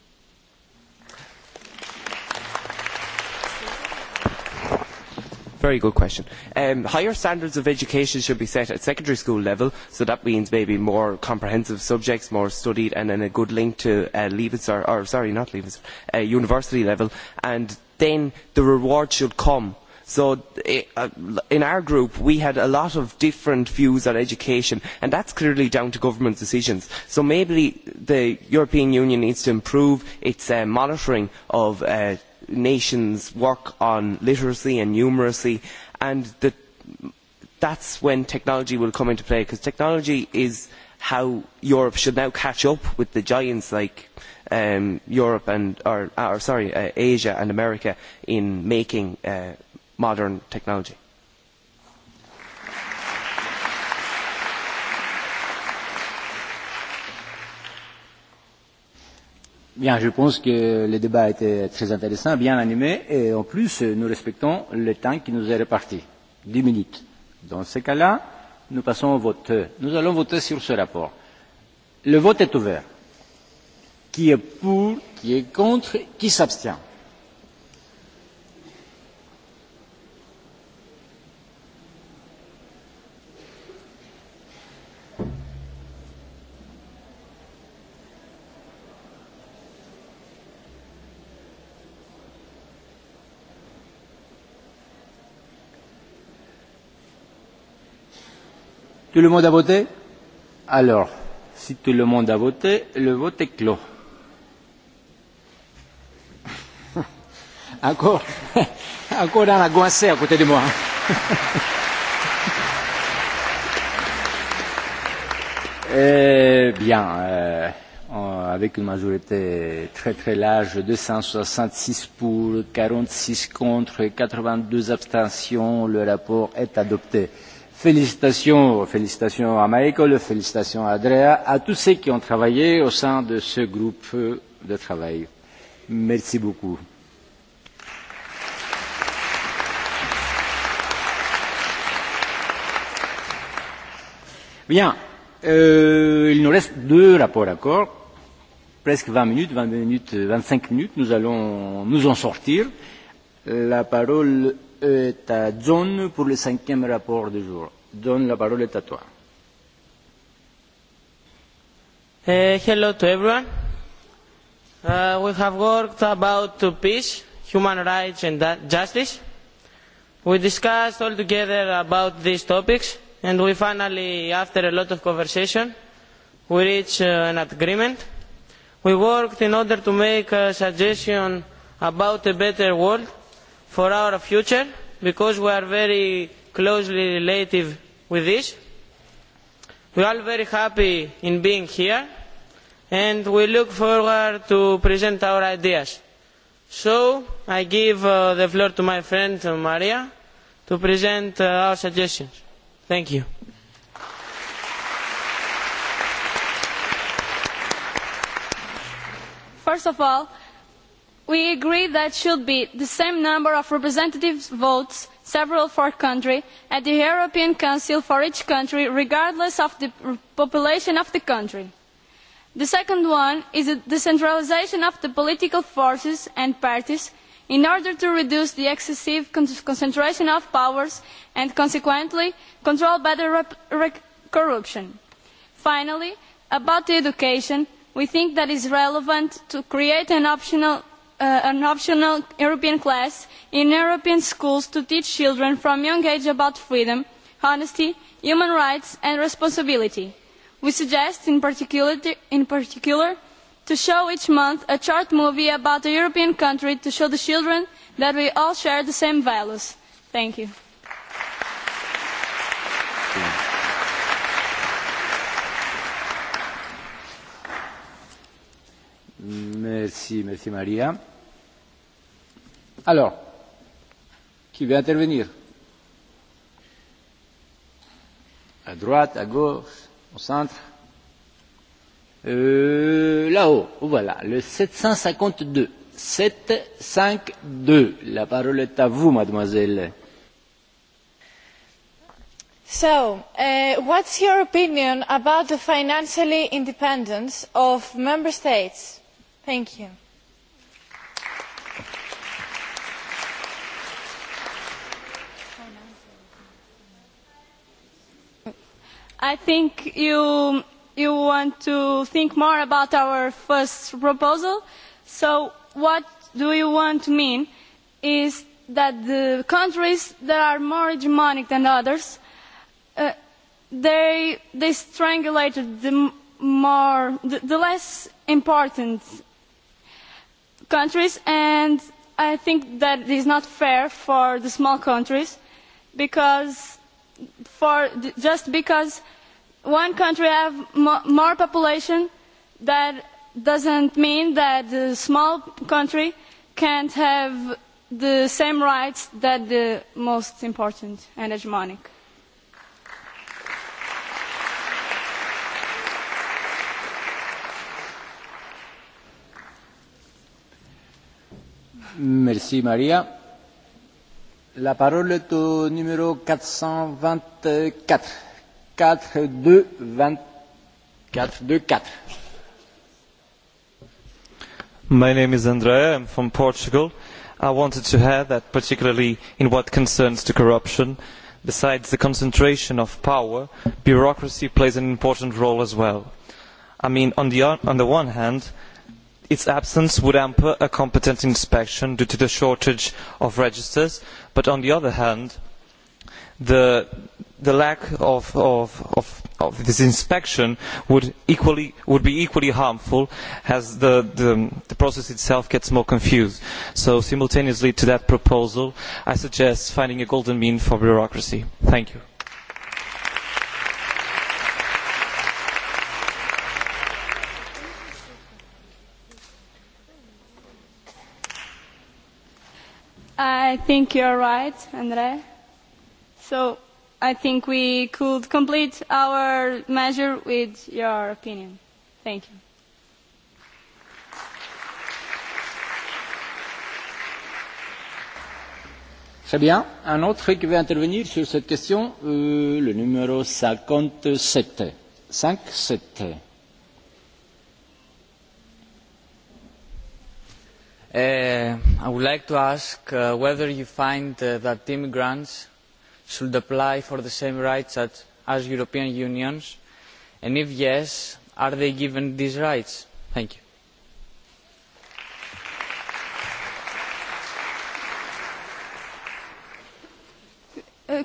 Very good question. Higher standards of education should be set at secondary school level, so that means maybe more comprehensive subjects, more studied, and then a good link to or sorry, not leavens, university level, and then the reward should come. So in our group we had a lot of different views on education and that's clearly down to government decisions. So maybe the European Union needs to improve its monitoring of nations work on literacy and numeracy and that that's when technology will come into play because technology is how Europe should now catch up with the giants like Europe and or sorry Asia and America in making modern technology. Bien, je pense que le débat a été très intéressant, bien animé, et en plus, nous respectons le temps qui nous est réparti, dix minutes. Dans ce cas-là, nous passons au vote. Nous allons voter sur ce rapport. Le vote est ouvert. Qui est pour Qui est contre Qui s'abstient Tout le monde a voté Alors, si tout le monde a voté, le vote est clos. Encore, encore la agoissé à côté de moi. Eh bien, avec une majorité très très large, 266 pour, 46 contre et 82 abstentions, le rapport est adopté. Félicitations, félicitations à Michael, félicitations à Andrea, à tous ceux qui ont travaillé au sein de ce groupe de travail. Merci beaucoup. Bien, il nous reste deux rapports d'accord, presque 20 minutes, vingt minutes, 25 minutes, nous allons nous en sortir. La parole est à John pour le rapport jour. la parole à toi. hello to everyone. Uh, we have worked about peace, human rights and justice. We discussed all together about these topics and we finally, after a lot of conversation, we reached an agreement. We worked in order to make a suggestion about a better world for our future because we are very closely related with this. We are all very happy in being here and we look forward to present our ideas. So I give the floor to my friend Maria to present our suggestions. Thank you. First of all, we agree that there should be the same number of representative votes several for country at the european council for each country regardless of the population of the country. the second one is the decentralisation of the political forces and parties in order to reduce the excessive concentration of powers and consequently control better corruption. finally about education we think that it is relevant to create an optional an optional European class in European schools to teach children from young age about freedom, honesty, human rights and responsibility. We suggest in particular to show each month a short movie about a European country to show the children that we all share the same values. Thank you. Merci, merci Maria. Alors, qui veut intervenir À droite, à gauche, au centre euh, Là-haut, voilà, le 752. 752. La parole est à vous, mademoiselle. So, what's your opinion about the financial independence of member states? Thank you. I think you you want to think more about our first proposal. So what do you want to mean is that the countries that are more hegemonic than others, they they strangulated the more the less important countries and i think that is not fair for the small countries because for just because one country has more population that doesn't mean that the small country can't have the same rights that the most important and hegemonic Merci Maria. La parole My name is Andrea. am from Portugal. I wanted to add that particularly in what concerns to corruption, besides the concentration of power, bureaucracy plays an important role as well. I mean, on the one hand, Its absence would hamper a competent inspection due to the shortage of registers, but on the other hand, the lack of this inspection would be equally harmful as the process itself gets more confused. So simultaneously to that proposal, I suggest finding a golden mean for bureaucracy. Thank you. I think you're right, André. So I think we could complete our measure with your opinion. Thank you. Très bien. Un autre qui veut intervenir sur cette question, le numéro 57. 57. I would like to ask whether you find that immigrants should apply for the same rights as European unions, and if yes, are they given these rights? Thank you.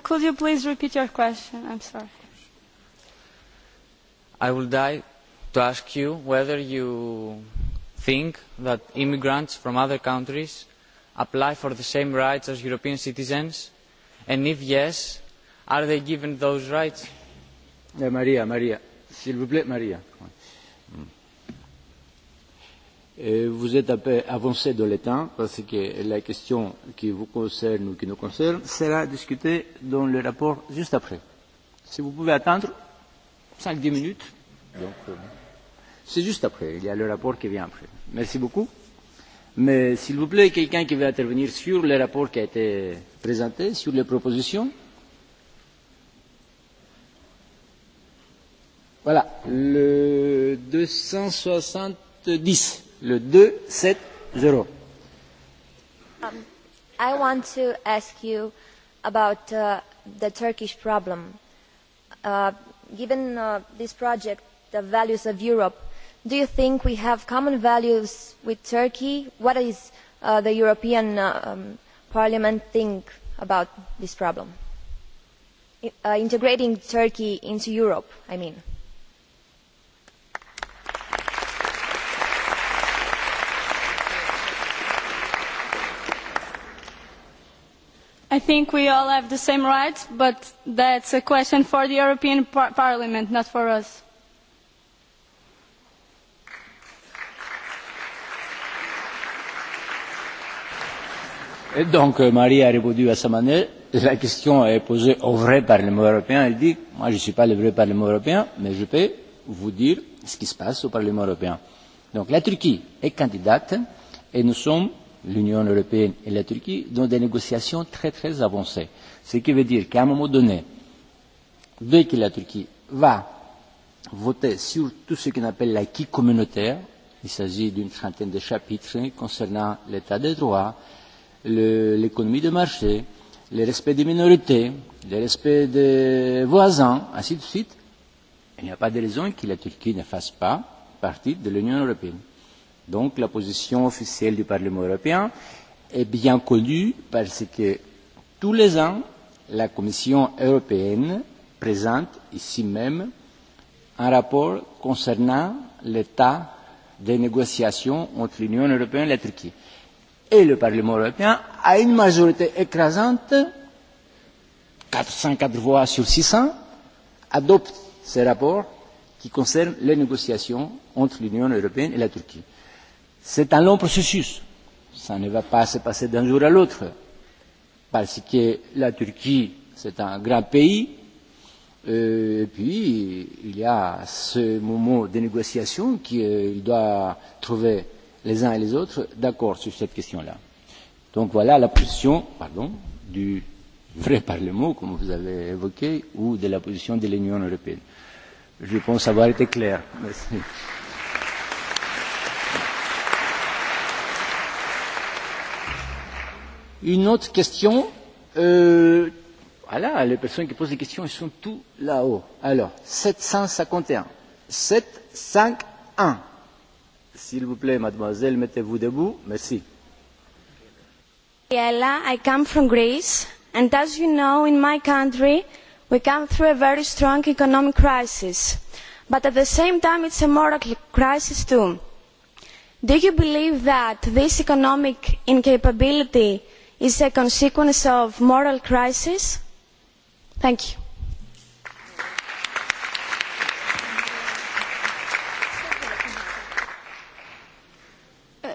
Could you please repeat your question? I'm sorry. I would like to ask you whether you think that immigrants from other countries apply for the same rights as European citizens? And if yes, are they given those rights? Maria, Maria, s'il vous plaît, Maria. Vous êtes un peu avancé dans le temps parce que la question qui vous concerne ou qui nous concerne sera discutée dans le rapport juste après. Si vous pouvez attendre 5-10 minutes. Donc, C'est juste après. Il y a le rapport qui vient après. Merci beaucoup. Mais s'il vous plaît, quelqu'un qui veut intervenir sur le rapport qui a été présenté, sur les propositions Voilà, le 270, le 270. I want to ask you about the Turkish problem. Given this project, the values of Europe, do you think we have common values with turkey? what does the european parliament think about this problem integrating turkey into europe i mean? i think we all have the same rights but that is a question for the european parliament not for us. Donc Marie a répondu à sa manière. La question est posée au vrai Parlement européen. Elle dit Moi, je ne suis pas le vrai Parlement européen, mais je peux vous dire ce qui se passe au Parlement européen. Donc la Turquie est candidate et nous sommes, l'Union européenne et la Turquie, dans des négociations très très avancées. Ce qui veut dire qu'à un moment donné, dès que la Turquie va voter sur tout ce qu'on appelle l'acquis communautaire, il s'agit d'une trentaine de chapitres concernant l'état des droits, l'économie de marché, le respect des minorités, le respect des voisins, ainsi de suite, il n'y a pas de raison que la Turquie ne fasse pas partie de l'Union européenne. Donc la position officielle du Parlement européen est bien connue parce que tous les ans, la Commission européenne présente ici même un rapport concernant l'état des négociations entre l'Union européenne et la Turquie et le Parlement européen à une majorité écrasante, quatre voix sur 600, adopte ce rapport qui concerne les négociations entre l'Union européenne et la Turquie. C'est un long processus. Ça ne va pas se passer d'un jour à l'autre. Parce que la Turquie, c'est un grand pays. Et puis, il y a ce moment de négociation qu'il doit trouver les uns et les autres d'accord sur cette question-là. Donc voilà la position pardon, du vrai Parlement, comme vous avez évoqué, ou de la position de l'Union européenne. Je pense avoir été clair. Merci. Une autre question. Euh, voilà, les personnes qui posent des questions, elles sont tous là-haut. Alors, 751. 751. S'il vous plaît, mademoiselle, mettez-vous debout. Merci. I come from Greece, and as you know, in my country, we come through a very strong economic crisis. But at the same time, it's a moral crisis too. Do you believe that this economic incapability is a consequence of moral crisis? Thank you.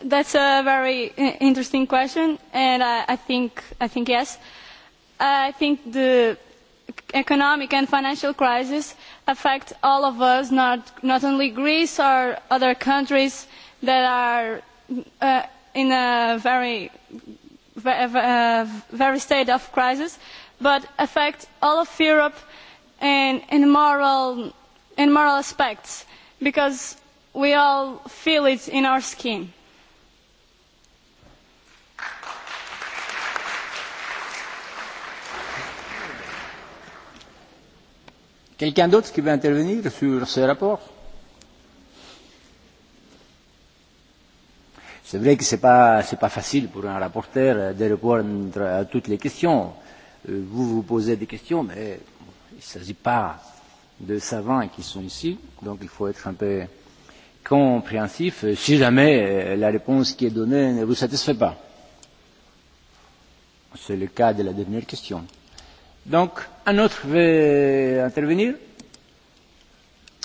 that's a very interesting question, and I think I think yes. I think the economic and financial crisis affect all of us, not not only Greece or other countries that are in a very very state of crisis, but affect all of Europe in in moral in moral aspects, because we all feel it in our skin Quelqu'un d'autre qui veut intervenir sur ce rapport C'est vrai que ce n'est pas, pas facile pour un rapporteur de répondre à toutes les questions. Vous vous posez des questions, mais il ne s'agit pas de savants qui sont ici, donc il faut être un peu compréhensif si jamais la réponse qui est donnée ne vous satisfait pas. C'est le cas de la dernière question. Donc, un autre veut intervenir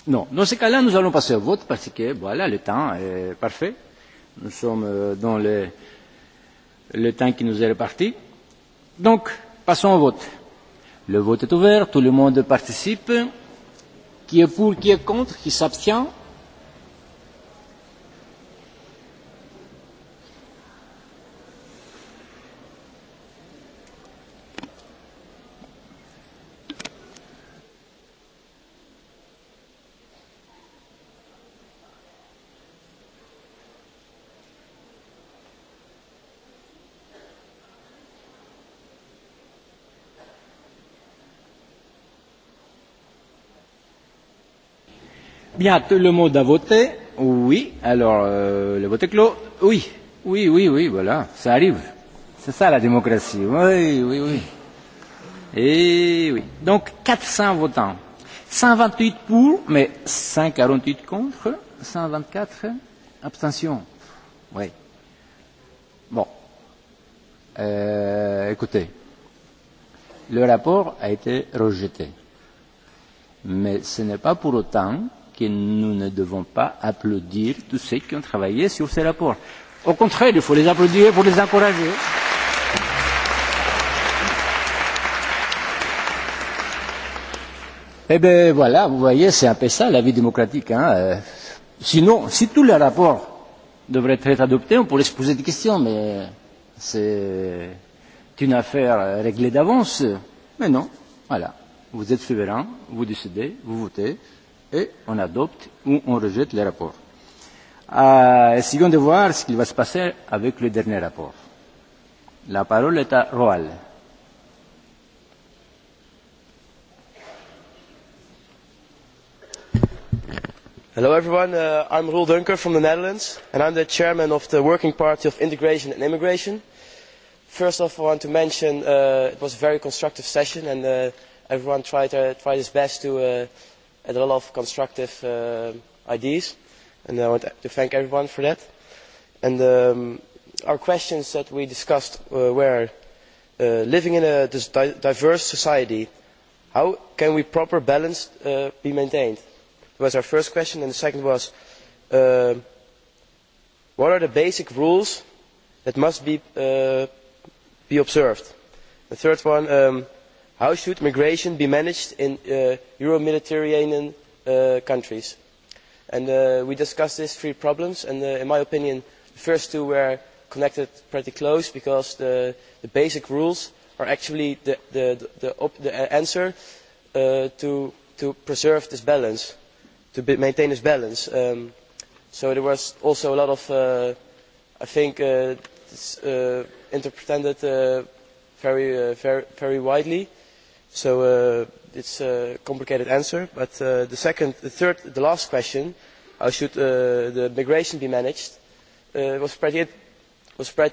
Non. Dans ce cas-là, nous allons passer au vote parce que, voilà, le temps est parfait. Nous sommes dans le, le temps qui nous est réparti. Donc, passons au vote. Le vote est ouvert, tout le monde participe. Qui est pour, qui est contre, qui s'abstient Bien, tout le monde a voté. Oui. Alors, le vote est clos. Oui. Oui, oui, oui, voilà. Ça arrive. C'est ça la démocratie. Oui, oui, oui. Et oui. Donc, 400 votants. 128 pour, mais 148 contre. 124 abstentions. Oui. Bon. Euh, écoutez, le rapport a été rejeté. Mais ce n'est pas pour autant que nous ne devons pas applaudir tous ceux qui ont travaillé sur ces rapports. Au contraire, il faut les applaudir pour les encourager. Eh bien voilà, vous voyez, c'est un peu ça la vie démocratique. Hein. Sinon, si tous les rapports devraient être adoptés, on pourrait se poser des questions, mais c'est une affaire réglée d'avance. Mais non, voilà. Vous êtes souverain, vous décidez, vous votez et on adopte ou on rejette les rapports. Essayons de voir ce qu'il va se passer avec le dernier rapport. La parole est à Roal. Hello everyone, I'm Roel Dunker from the Netherlands and I'm the chairman of the Working Party of Integration and Immigration. First off, I want to mention it was a very constructive session and everyone tried his best to and a lot of constructive ideas, and I want to thank everyone for that. And our questions that we discussed were living in a diverse society, how can we proper balance be maintained? That was our first question, and the second was what are the basic rules that must be observed? The third one how should migration be managed in euro mediterranean countries? we discussed these three problems and in my opinion the first two were connected pretty close because the basic rules are actually the answer to preserve this balance to maintain this balance. so there was also a lot of i think interpreted very widely So it is a complicated answer. But the third, the last question, how should the migration be managed, was pretty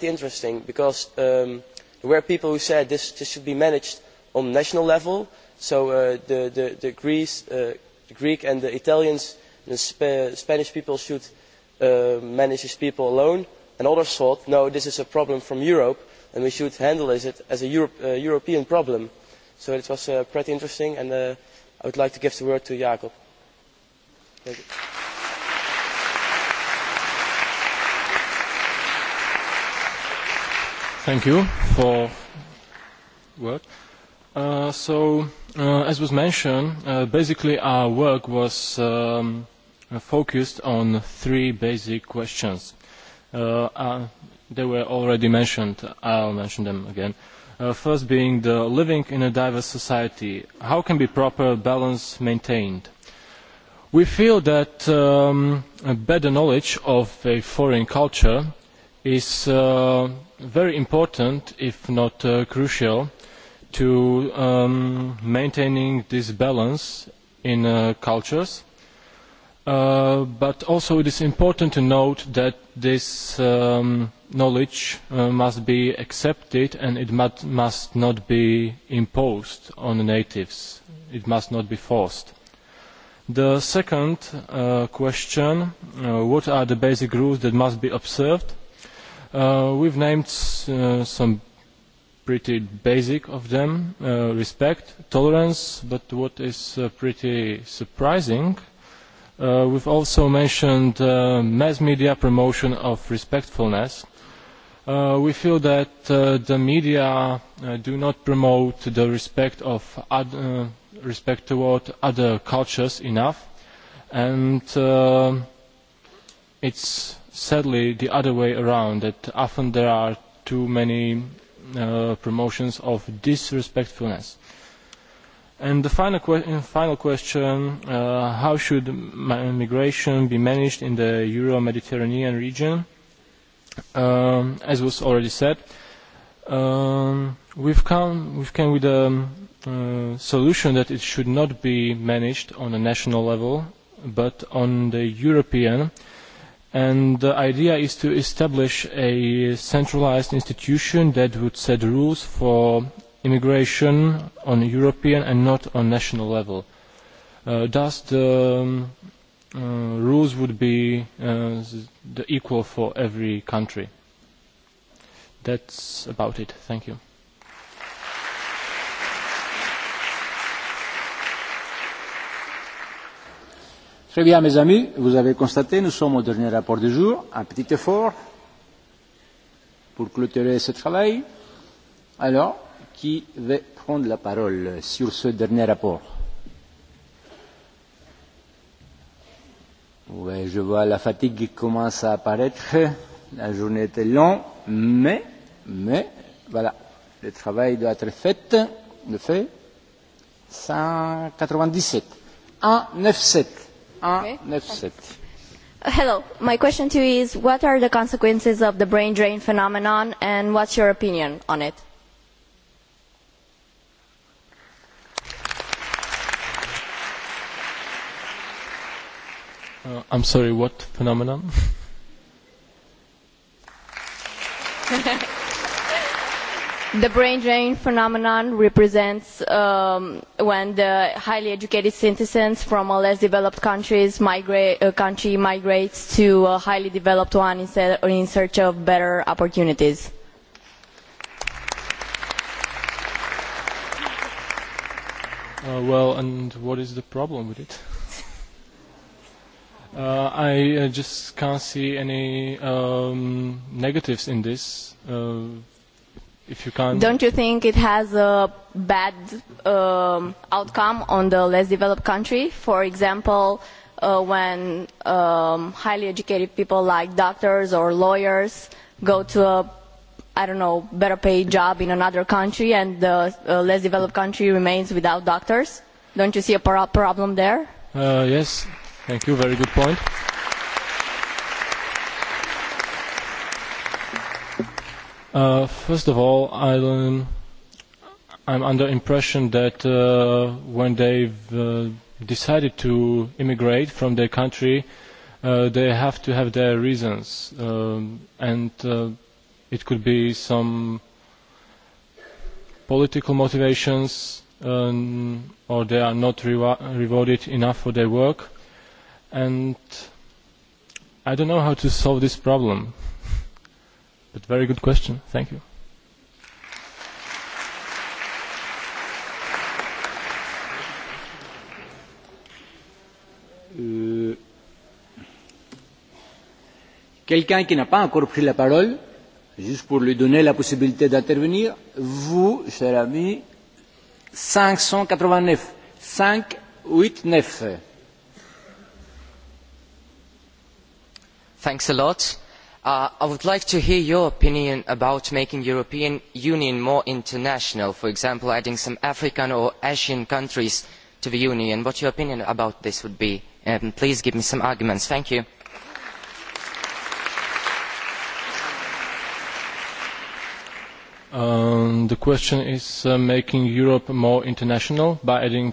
interesting because there were people who said this should be managed on national level. So the the the Greek and the Italians, the Spanish people should manage these people alone. And others thought, no, this is a problem from Europe and we should handle it as a European problem. So it was pretty interesting, and I would like to give the word to Jacob. Thank you. Thank you for word. So, as was mentioned, basically our work was focused on three basic questions. They were already mentioned. I'll mention them again first being the living in a diverse society. How can be proper balance maintained? We feel that a better knowledge of a foreign culture is very important, if not crucial, to maintaining this balance in cultures. But also it is important to note that this knowledge must be accepted and it must not be imposed on natives. It must not be forced. The second question, what are the basic rules that must be observed? We've named some pretty basic of them, respect, tolerance, but what is pretty surprising We've also mentioned mass media promotion of respectfulness. We feel that the media do not promote the respect of respect toward other cultures enough, and it's sadly the other way around. That often there are too many promotions of disrespectfulness. And the final question: How should migration be managed in the Euro-Mediterranean region? as was already said. We've come with a solution that it should not be managed on a national level, but on the European. And the idea is to establish a centralized institution that would set rules for immigration on European and not on national level. Thus, the rules would be the equal for every country. That's about it. Thank you. Très bien, mes amis, vous avez constaté, nous sommes au dernier rapport du jour. Un petit effort pour clôturer ce travail. Alors, qui veut prendre la parole sur ce dernier rapport Oui, je vois la fatigue qui commence à apparaître. La journée était longue, mais, mais, voilà, le travail doit être fait. Le fait, 197. 197. 197. Hello, my question to you is what are the consequences of the brain drain phenomenon and what's your opinion on it? I'm sorry, what phenomenon? The brain drain phenomenon represents when the highly educated citizens from a less developed countries country migrates to a highly developed one in search of better opportunities. Well, and what is the problem with it? I just can't see any negatives in this. If you can't. Don't you think it has a bad outcome on the less developed country? For example, when highly educated people like doctors or lawyers go to a, I don't know, better paid job in another country and the less developed country remains without doctors, don't you see a problem there? Yes Thank you. Very good point. First of all, I I'm under impression that when they decided to immigrate from their country, they have to have their reasons, and it could be some political motivations, or they are not rewarded enough for their work and I don't know how to solve this problem. But very good question. Thank you. Quelqu'un qui n'a pas encore pris la parole, juste pour lui donner la possibilité d'intervenir, vous, cher ami, 589, 589. Thanks a lot. I would like to hear your opinion about making the European Union more international, for example, adding some African or Asian countries to the Union. What your opinion about this would be? Please give me some arguments. Thank you. The question is making Europe more international by adding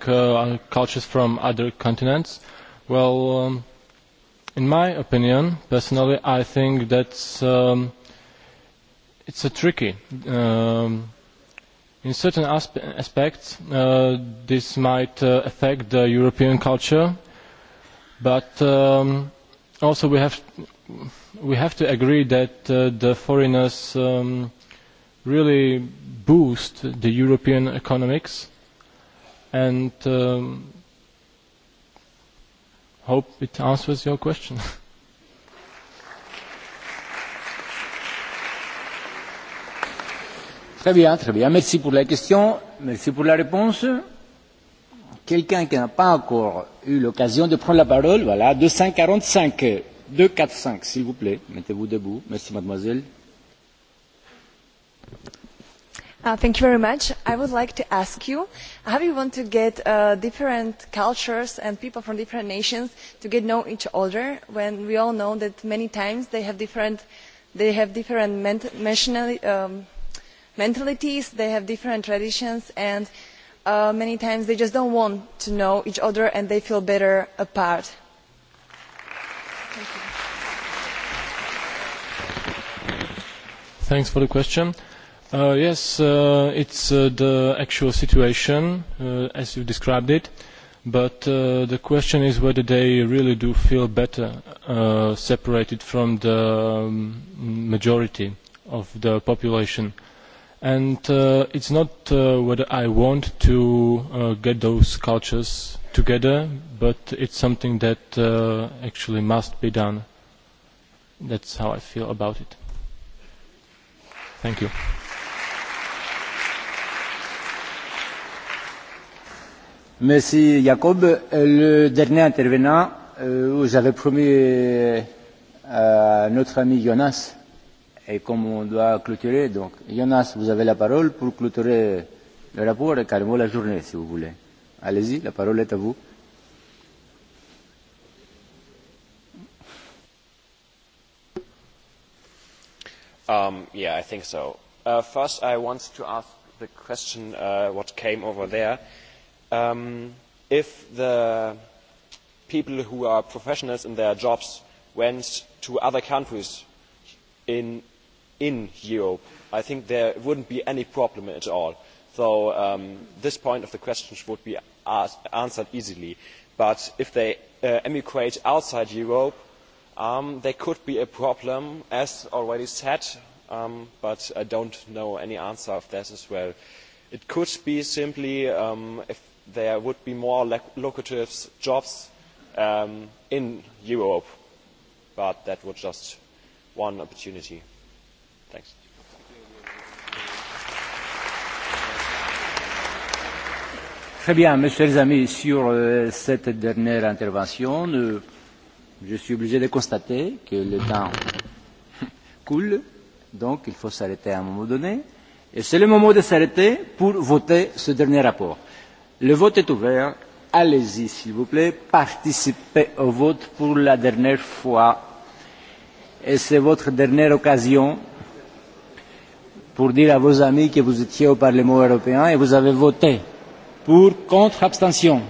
cultures from other continents. Well in my opinion personally i think that it's a tricky in certain aspects this might affect the european culture but also we have we have to agree that the foreigners really boost the european economics and Hope it answers your question. Très bien, très bien. Merci pour la question, merci pour la réponse. Quelqu'un qui n'a pas encore eu l'occasion de prendre la parole, voilà, 245, 245, s'il vous plaît, mettez-vous debout. Merci, mademoiselle. Thank you very much. I would like to ask you how you want to get different cultures and people from different nations to get know each other when we all know that many times they have different they have different mentalities, they have different traditions and many times they just don't want to know each other and they feel better apart. Thanks for the question. Yes, it's the actual situation as you described it, but the question is whether they really do feel better separated from the majority of the population. And it's not whether I want to get those cultures together, but it's something that actually must be done. That's how I feel about it. Thank you. Monsieur Jacob, le dernier intervenant, vous avez promis à notre ami Jonas, et comme on doit clôturer, donc Jonas, vous avez la parole pour clôturer le rapport et carrément la journée, si vous voulez. Allez-y, la parole est à vous. Um, yeah, I think so. Uh, first, I want to ask the question uh, what came over there if the people who are professionals in their jobs went to other countries in Europe, I think there wouldn't be any problem at all. So this point of the question would be answered easily. But if they emigrate outside Europe, there could be a problem, as already said, but I don't know any answer of this as well. It could be simply there would be more lucrative jobs in Europe, but that was just one opportunity. Thanks. Très bien, mes chers amis, sur cette dernière intervention, je suis obligé de constater que le temps coule, donc il faut s'arrêter à un moment donné. Et c'est le moment de s'arrêter pour voter ce dernier rapport. Le vote est ouvert. Allez-y, s'il vous plaît. Participez au vote pour la dernière fois. Et c'est votre dernière occasion pour dire à vos amis que vous étiez au Parlement européen et vous avez voté pour, contre, abstention.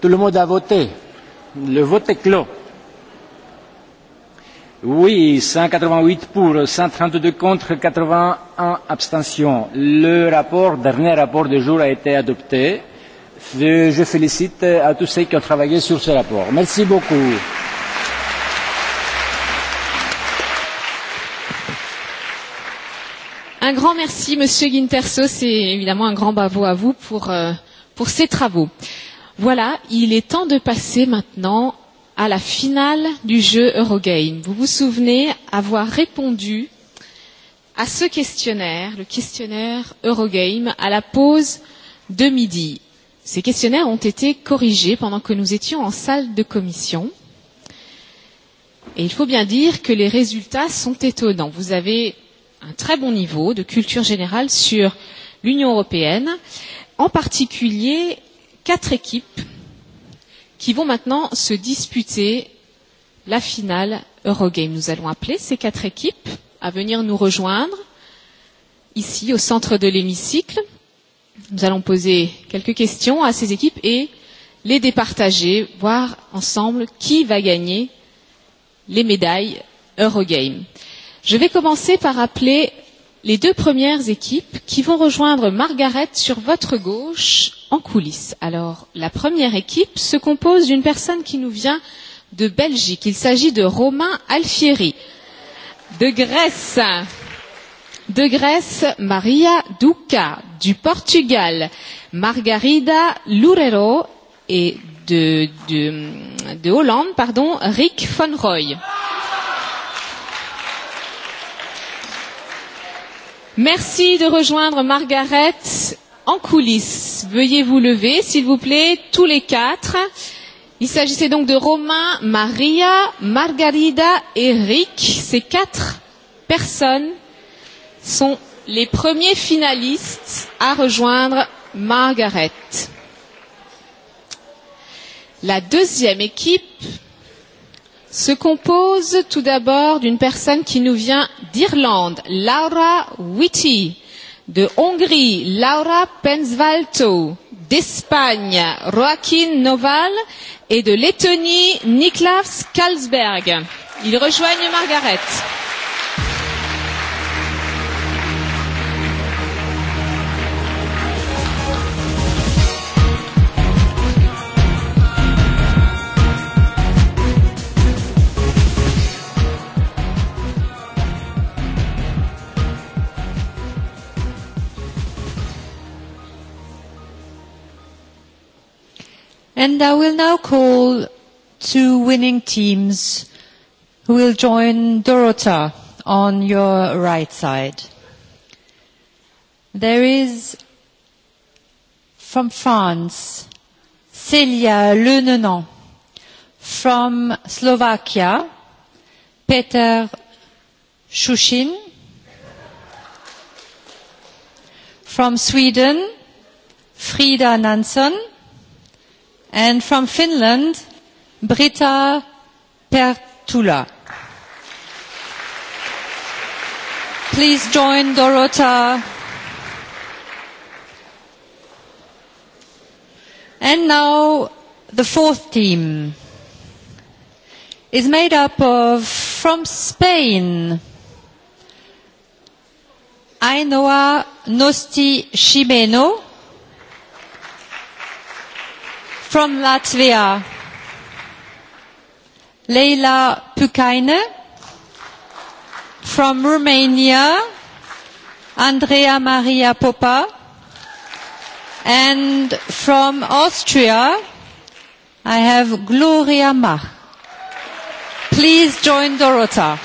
Tout le monde a voté. Le vote est clos. Oui, 188 pour, 132 contre, 81 abstentions. Le rapport, dernier rapport du jour a été adopté. Je félicite à tous ceux qui ont travaillé sur ce rapport. Merci beaucoup. Un grand merci, Monsieur Guinterso. c'est évidemment un grand bravo à vous pour, pour ces travaux. Voilà, il est temps de passer maintenant à la finale du jeu Eurogame. Vous vous souvenez avoir répondu à ce questionnaire, le questionnaire Eurogame, à la pause de midi. Ces questionnaires ont été corrigés pendant que nous étions en salle de commission. Et il faut bien dire que les résultats sont étonnants. Vous avez un très bon niveau de culture générale sur l'Union européenne, en particulier quatre équipes qui vont maintenant se disputer la finale Eurogame. Nous allons appeler ces quatre équipes à venir nous rejoindre ici au centre de l'hémicycle. Nous allons poser quelques questions à ces équipes et les départager, voir ensemble qui va gagner les médailles Eurogame. Je vais commencer par appeler les deux premières équipes qui vont rejoindre Margaret sur votre gauche en coulisses. Alors, la première équipe se compose d'une personne qui nous vient de Belgique. Il s'agit de Romain Alfieri. De Grèce, de Grèce, Maria Duca. Du Portugal, Margarida Lurero Et de, de, de Hollande, pardon, Rick von Roy. Merci de rejoindre Margaret en coulisses. Veuillez vous lever, s'il vous plaît, tous les quatre. Il s'agissait donc de Romain, Maria, Margarida et Rick. Ces quatre personnes sont les premiers finalistes à rejoindre Margaret. La deuxième équipe se compose tout d'abord d'une personne qui nous vient d'Irlande, Laura Whitty de Hongrie, Laura Penzvalto, d'Espagne, Joaquin Noval et de Lettonie, Niklas Kalsberg. Ils rejoignent Margaret. And I will now call two winning teams who will join Dorota on your right side. There is from France, Celia Lenenon. From Slovakia, Peter Shushin. From Sweden, Frida Nansen and from Finland, Britta Pertula. Please join Dorota. And now the fourth team is made up of from Spain, Ainoa Nosti Shimeno from Latvia. Leila Pukaine from Romania. Andrea Maria Popa. And from Austria, I have Gloria Mach. Please join Dorota.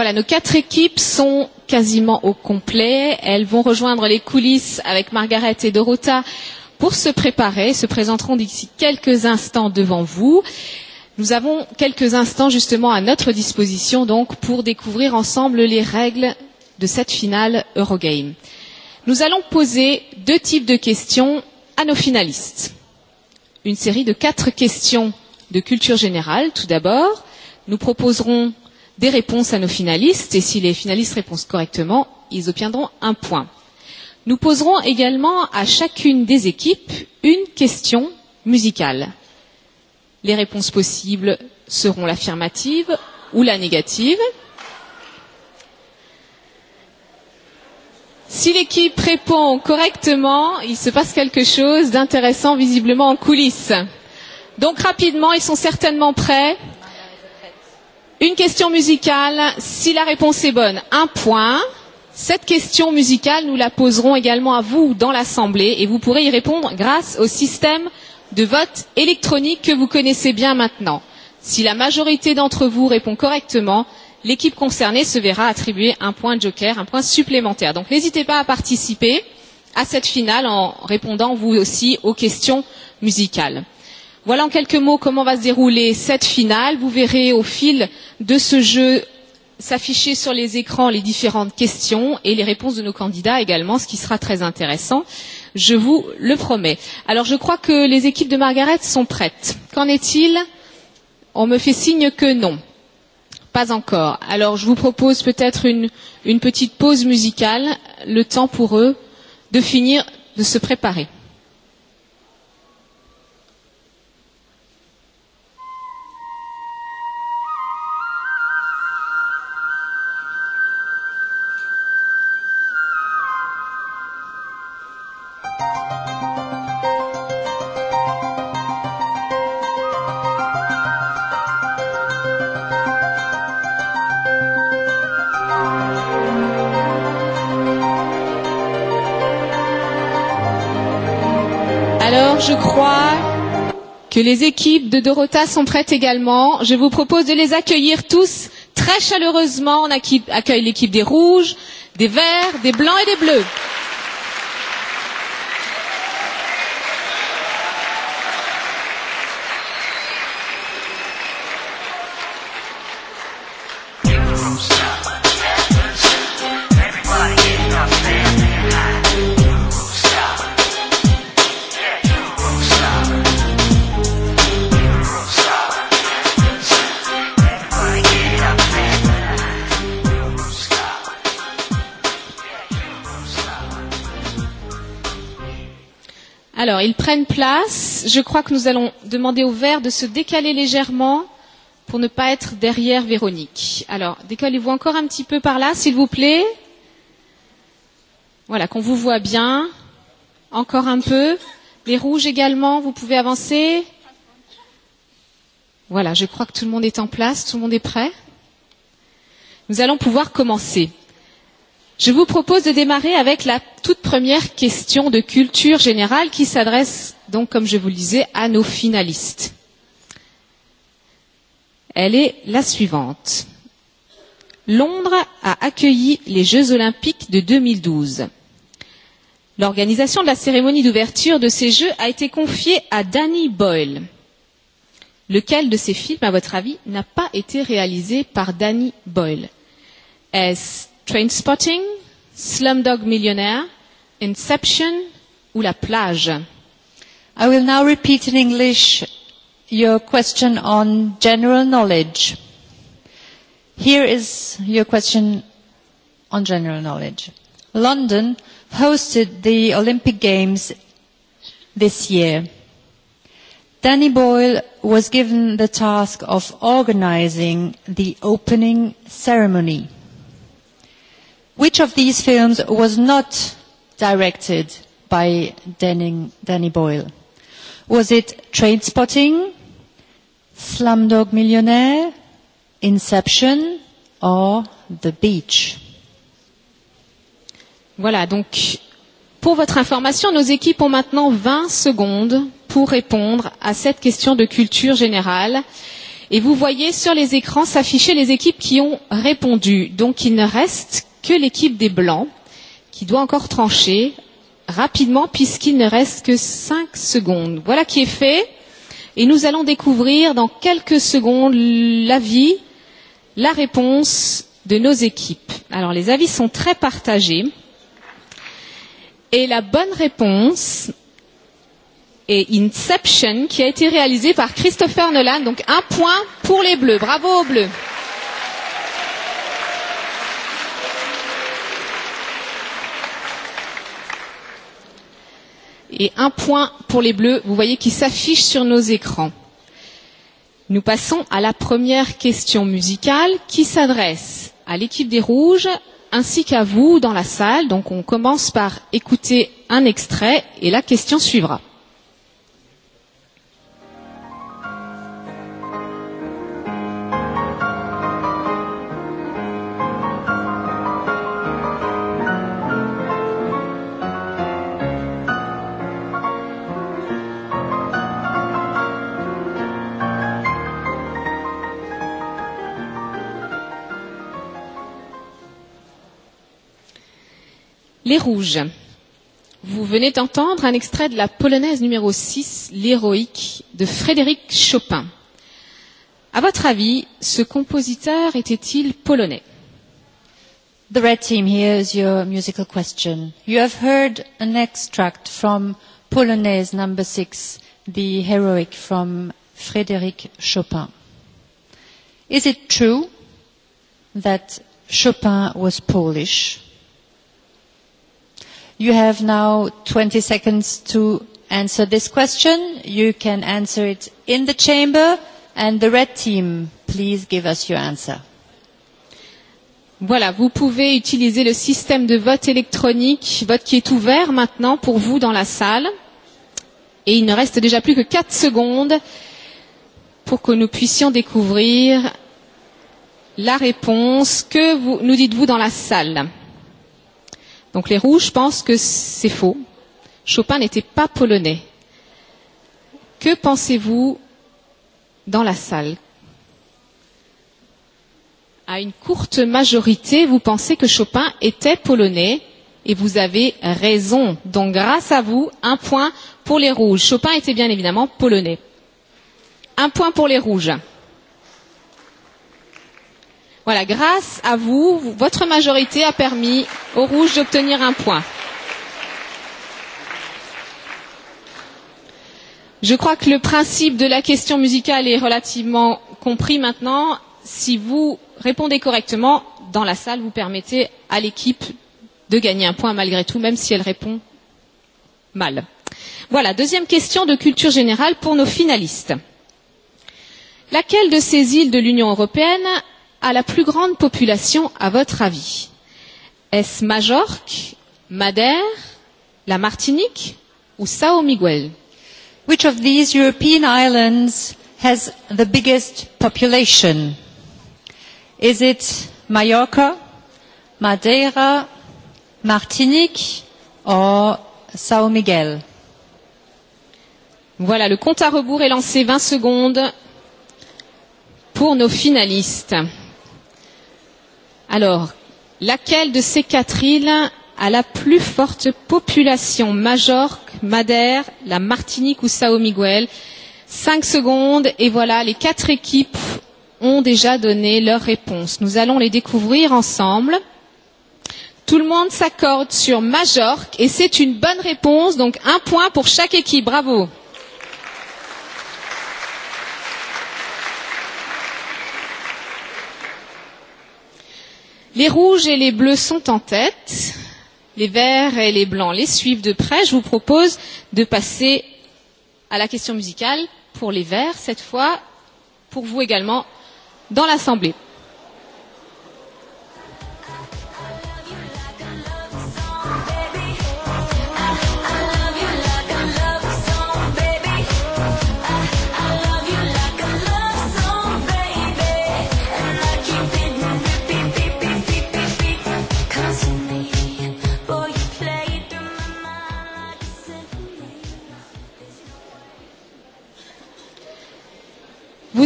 Voilà, nos quatre équipes sont quasiment au complet. Elles vont rejoindre les coulisses avec Margaret et Dorota pour se préparer, se présenteront d'ici quelques instants devant vous. Nous avons quelques instants justement à notre disposition donc pour découvrir ensemble les règles de cette finale Eurogame. Nous allons poser deux types de questions à nos finalistes. Une série de quatre questions de culture générale tout d'abord. Nous proposerons des réponses à nos finalistes et si les finalistes répondent correctement, ils obtiendront un point. Nous poserons également à chacune des équipes une question musicale. Les réponses possibles seront l'affirmative ou la négative. Si l'équipe répond correctement, il se passe quelque chose d'intéressant visiblement en coulisses. Donc rapidement, ils sont certainement prêts. Une question musicale, si la réponse est bonne, un point. Cette question musicale, nous la poserons également à vous dans l'Assemblée et vous pourrez y répondre grâce au système de vote électronique que vous connaissez bien maintenant. Si la majorité d'entre vous répond correctement, l'équipe concernée se verra attribuer un point joker, un point supplémentaire. Donc n'hésitez pas à participer à cette finale en répondant vous aussi aux questions musicales. Voilà en quelques mots comment va se dérouler cette finale. Vous verrez au fil de ce jeu s'afficher sur les écrans les différentes questions et les réponses de nos candidats également, ce qui sera très intéressant, je vous le promets. Alors je crois que les équipes de Margaret sont prêtes. Qu'en est-il On me fait signe que non. Pas encore. Alors je vous propose peut-être une, une petite pause musicale, le temps pour eux de finir de se préparer. je crois que les équipes de Dorota sont prêtes également. Je vous propose de les accueillir tous très chaleureusement. On accueille l'équipe des rouges, des verts, des blancs et des bleus. Alors, ils prennent place. Je crois que nous allons demander au vert de se décaler légèrement pour ne pas être derrière Véronique. Alors, décalez-vous encore un petit peu par là, s'il vous plaît. Voilà, qu'on vous voit bien. Encore un peu. Les rouges également, vous pouvez avancer. Voilà, je crois que tout le monde est en place, tout le monde est prêt. Nous allons pouvoir commencer. Je vous propose de démarrer avec la toute première question de culture générale qui s'adresse donc, comme je vous le disais, à nos finalistes. Elle est la suivante. Londres a accueilli les Jeux Olympiques de 2012. L'organisation de la cérémonie d'ouverture de ces Jeux a été confiée à Danny Boyle. Lequel de ces films, à votre avis, n'a pas été réalisé par Danny Boyle est Trainspotting, Slumdog Millionaire, Inception ou La Plage. I will now repeat in English your question on general knowledge. Here is your question on general knowledge. London hosted the Olympic Games this year. Danny Boyle was given the task of organizing the opening ceremony. Which of these films was not directed by Danny Boyle? Was it Trainspotting, Slumdog Millionaire, Inception or The Beach? Voilà, donc pour votre information, nos équipes ont maintenant 20 secondes pour répondre à cette question de culture générale. Et vous voyez sur les écrans s'afficher les équipes qui ont répondu. Donc il ne reste que l'équipe des Blancs, qui doit encore trancher rapidement puisqu'il ne reste que 5 secondes. Voilà qui est fait. Et nous allons découvrir dans quelques secondes l'avis, la réponse de nos équipes. Alors les avis sont très partagés. Et la bonne réponse est Inception qui a été réalisée par Christopher Nolan. Donc un point pour les Bleus. Bravo aux Bleus. et un point pour les bleus, vous voyez, qui s'affiche sur nos écrans. Nous passons à la première question musicale qui s'adresse à l'équipe des rouges ainsi qu'à vous dans la salle. Donc on commence par écouter un extrait et la question suivra. Les Rouges. Vous venez d'entendre un extrait de la polonaise numéro 6, L'Héroïque, de Frédéric Chopin. À votre avis, ce compositeur était-il polonais The red team, here's your musical question. You have heard an extract from Polonaise number 6, The Heroic from Frédéric Chopin. Is it true that Chopin was Polish? You have now 20 seconds to answer this question. You can answer it in the chamber. And the red team, please give us your answer. Voilà, vous pouvez utiliser le système de vote électronique, vote qui est ouvert maintenant pour vous dans la salle. Et il ne reste déjà plus que 4 secondes pour que nous puissions découvrir la réponse. Que nous dites-vous dans la salle Donc les rouges pensent que c'est faux. Chopin n'était pas polonais. Que pensez-vous dans la salle À une courte majorité, vous pensez que Chopin était polonais et vous avez raison. Donc grâce à vous, un point pour les rouges. Chopin était bien évidemment polonais. Un point pour les rouges. Voilà, grâce à vous, votre majorité a permis aux Rouges d'obtenir un point. Je crois que le principe de la question musicale est relativement compris maintenant. Si vous répondez correctement, dans la salle, vous permettez à l'équipe de gagner un point malgré tout, même si elle répond mal. Voilà, deuxième question de culture générale pour nos finalistes. Laquelle de ces îles de l'Union européenne à la plus grande population à votre avis Est-ce Majorque, Madère, la Martinique ou Sao Miguel Which of these European islands has the biggest population Is it Mallorca, Madeira, Martinique or Sao Miguel Voilà, le compte à rebours est lancé 20 secondes pour nos finalistes. Alors, laquelle de ces quatre îles a la plus forte population Majorque, Madère, la Martinique ou Sao Miguel Cinq secondes et voilà, les quatre équipes ont déjà donné leur réponse. Nous allons les découvrir ensemble. Tout le monde s'accorde sur Majorque et c'est une bonne réponse, donc un point pour chaque équipe. Bravo. Les rouges et les bleus sont en tête. Les verts et les blancs les suivent de près. Je vous propose de passer à la question musicale pour les verts cette fois, pour vous également, dans l'Assemblée.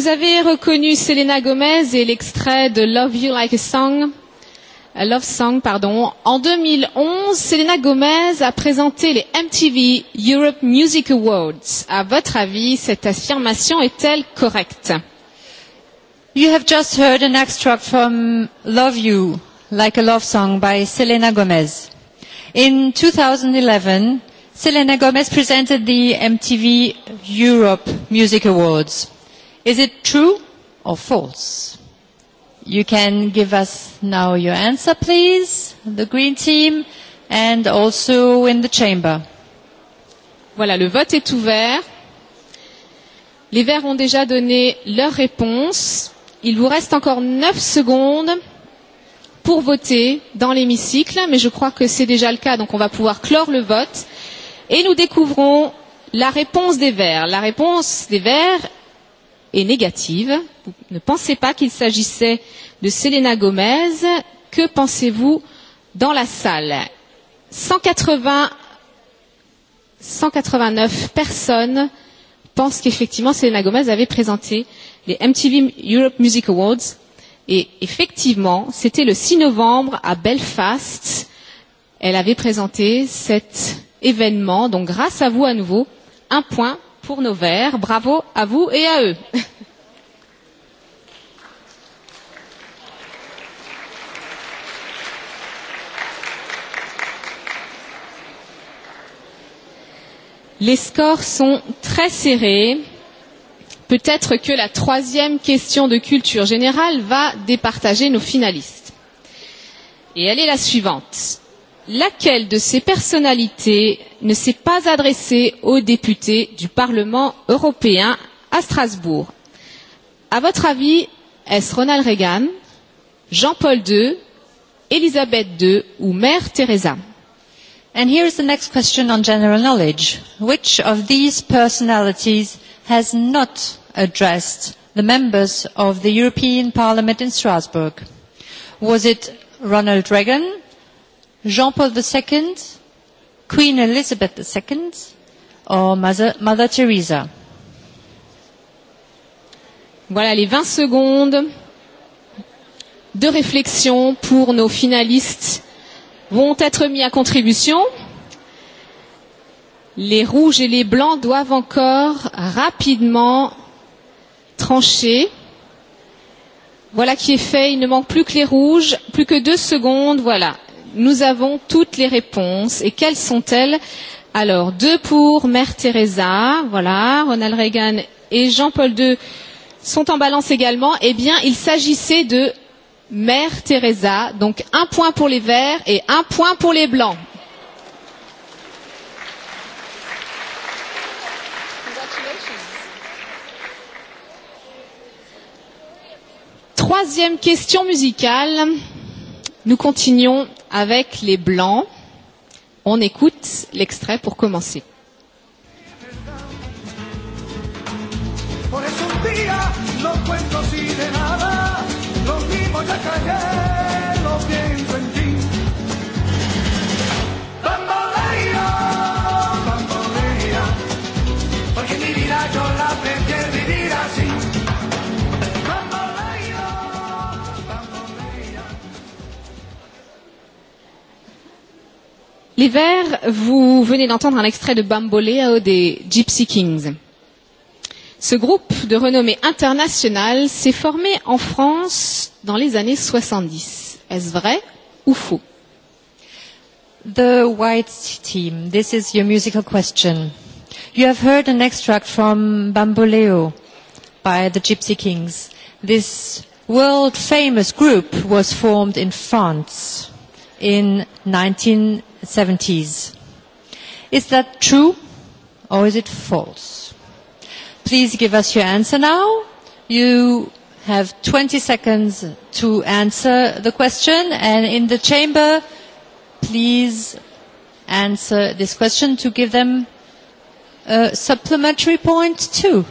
Vous avez reconnu Selena Gomez et l'extrait de Love You Like a Song. Love Song, pardon. En 2011, Selena Gomez a présenté les MTV Europe Music Awards. À votre avis, cette affirmation est-elle correcte? You have just heard an extract from Love You Like a Love Song by Selena Gomez. In 2011, Selena Gomez presented the MTV Europe Music Awards. Is it true or false? You can give us now your answer, please, the Green Team, and also in the chamber. Voilà, le vote est ouvert. Les Verts ont déjà donné leur réponse. Il vous reste encore 9 secondes pour voter dans l'hémicycle, mais je crois que c'est déjà le cas, donc on va pouvoir clore le vote. Et nous découvrons la réponse des Verts. La réponse des Verts est négative. Vous ne pensez pas qu'il s'agissait de Selena Gomez. Que pensez-vous dans la salle 180, 189 personnes pensent qu'effectivement Selena Gomez avait présenté les MTV Europe Music Awards. Et effectivement, c'était le 6 novembre à Belfast. Elle avait présenté cet événement. Donc grâce à vous à nouveau, un point pour nos verts. Bravo à vous et à eux. Les scores sont très serrés. Peut-être que la troisième question de culture générale va départager nos finalistes. Et elle est la suivante. Laquelle de ces personnalités ne s'est pas adressée aux députés du Parlement européen à Strasbourg À votre avis, est-ce Ronald Reagan, Jean-Paul II, Elisabeth II ou Mère Teresa And here is the next question on general knowledge. Which of these personalities has not addressed the members of the European Parliament in Strasbourg? Was it Ronald Reagan? Jean Paul II, Queen Elizabeth II, or Mother Teresa. Voilà les 20 secondes de réflexion pour nos finalistes vont être mis à contribution. Les rouges et les blancs doivent encore rapidement trancher. Voilà qui est fait. Il ne manque plus que les rouges. Plus que deux secondes. Voilà. Nous avons toutes les réponses. Et quelles sont-elles Alors, deux pour Mère Teresa, voilà, Ronald Reagan et Jean-Paul II sont en balance également. Eh bien, il s'agissait de Mère Teresa, donc un point pour les verts et un point pour les blancs. Troisième question musicale. Nous continuons avec les blancs. On écoute l'extrait pour commencer. Por no L'hiver, vous venez d'entendre un extrait de Bamboleo des Gypsy Kings. Ce groupe de renommée internationale s'est formé en France dans les années 70. Est-ce vrai ou faux The White Team, this is your musical question. You have heard an extract from Bamboleo by the Gypsy Kings. This world famous group was formed in France in 19 70s. Is that true or is it false? Please give us your answer now. You have 20 seconds to answer the question and in the chamber, please answer this question to give them a supplementary point too.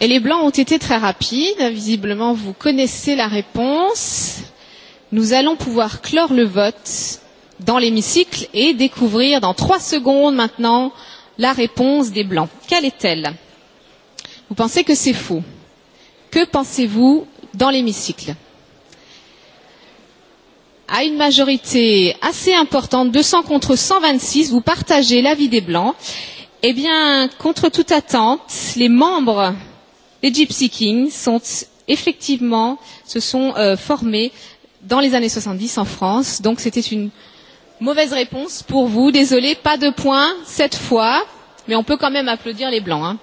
Et les blancs ont été très rapides. Visiblement, vous connaissez la réponse nous allons pouvoir clore le vote dans l'hémicycle et découvrir dans trois secondes maintenant la réponse des blancs. Quelle est-elle Vous pensez que c'est faux. Que pensez-vous dans l'hémicycle À une majorité assez importante, 200 contre 126, vous partagez l'avis des blancs. Eh bien, contre toute attente, les membres des Gypsy Kings sont effectivement se sont formés dans les années 70 en France. Donc c'était une mauvaise réponse pour vous. Désolé, pas de points cette fois, mais on peut quand même applaudir les Blancs. Hein.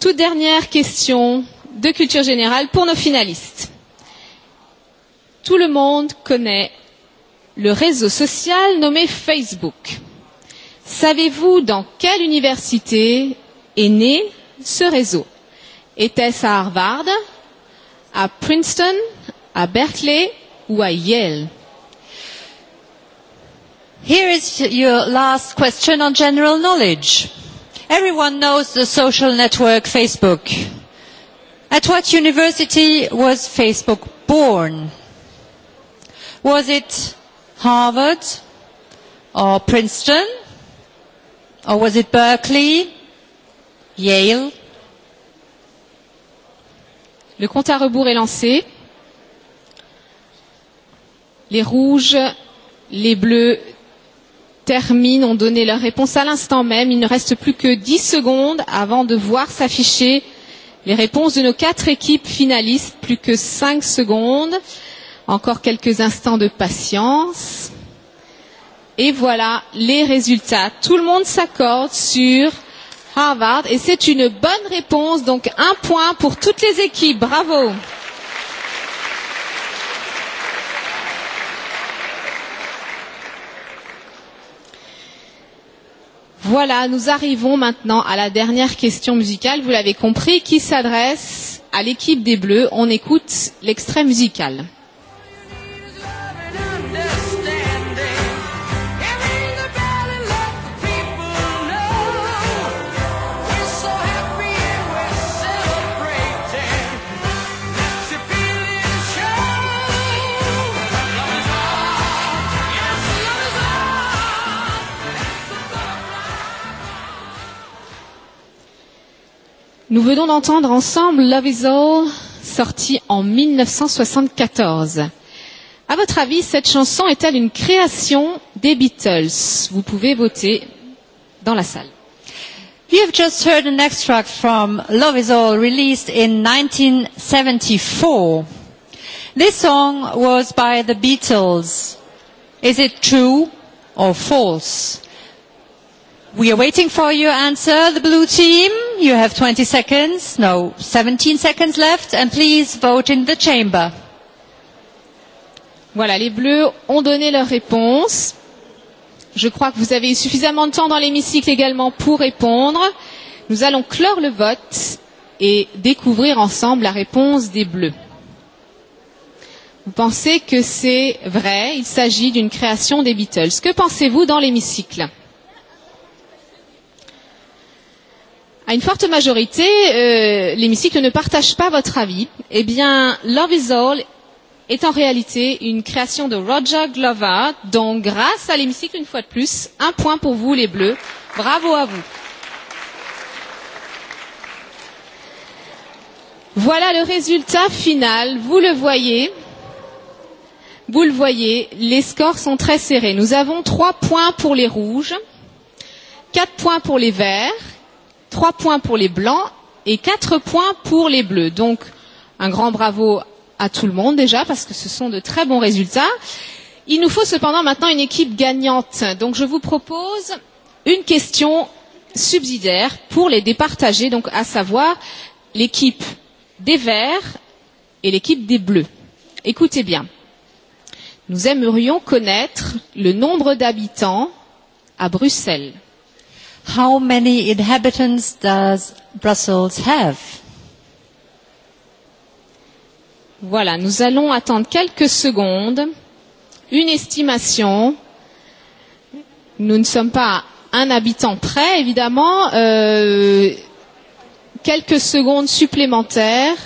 Toute dernière question de culture générale pour nos finalistes. Tout le monde connaît le réseau social nommé Facebook. Savez-vous dans quelle université est né ce réseau Était-ce à Harvard, à Princeton, à Berkeley ou à Yale Here is your last question on general knowledge. Everyone knows the social network Facebook. At what university was Facebook born? Was it Harvard or Princeton? Or was it Berkeley? Yale? Le compte à rebours est lancé. Les rouges, les bleus terminent, ont donné leur réponse à l'instant même. Il ne reste plus que 10 secondes avant de voir s'afficher les réponses de nos quatre équipes finalistes. Plus que 5 secondes. Encore quelques instants de patience. Et voilà les résultats. Tout le monde s'accorde sur Harvard et c'est une bonne réponse. Donc un point pour toutes les équipes. Bravo. Voilà, nous arrivons maintenant à la dernière question musicale, vous l'avez compris, qui s'adresse à l'équipe des Bleus. On écoute l'extrait musical. Nous venons d'entendre ensemble Love Is All, sorti en 1974. À votre avis, cette chanson est-elle une création des Beatles Vous pouvez voter dans la salle. You have just heard an extract from Love Is All, released in 1974. This song was by the Beatles. Is it true or false We are waiting for your answer, the blue team. You have 20 seconds, no, 17 seconds left, and please vote in the chamber. Voilà, les bleus ont donné leur réponse. Je crois que vous avez eu suffisamment de temps dans l'hémicycle également pour répondre. Nous allons clore le vote et découvrir ensemble la réponse des bleus. Vous pensez que c'est vrai, il s'agit d'une création des Beatles. Que pensez-vous dans l'hémicycle à une forte majorité, l'hémicycle ne partage pas votre avis. Eh bien, Love is All est en réalité une création de Roger Glover, donc grâce à l'hémicycle une fois de plus, un point pour vous les Bleus. Bravo à vous. Voilà le résultat final, vous le voyez. Vous le voyez, les scores sont très serrés. Nous avons trois points pour les rouges, quatre points pour les verts Trois points pour les blancs et quatre points pour les bleus. Donc un grand bravo à tout le monde déjà parce que ce sont de très bons résultats. Il nous faut cependant maintenant une équipe gagnante. Donc je vous propose une question subsidiaire pour les départager, donc à savoir l'équipe des verts et l'équipe des bleus. Écoutez bien. Nous aimerions connaître le nombre d'habitants à Bruxelles. How many inhabitants does Brussels have? Voilà, nous allons attendre quelques secondes. Une estimation. Nous ne sommes pas un habitant près, évidemment. Euh, quelques secondes supplémentaires.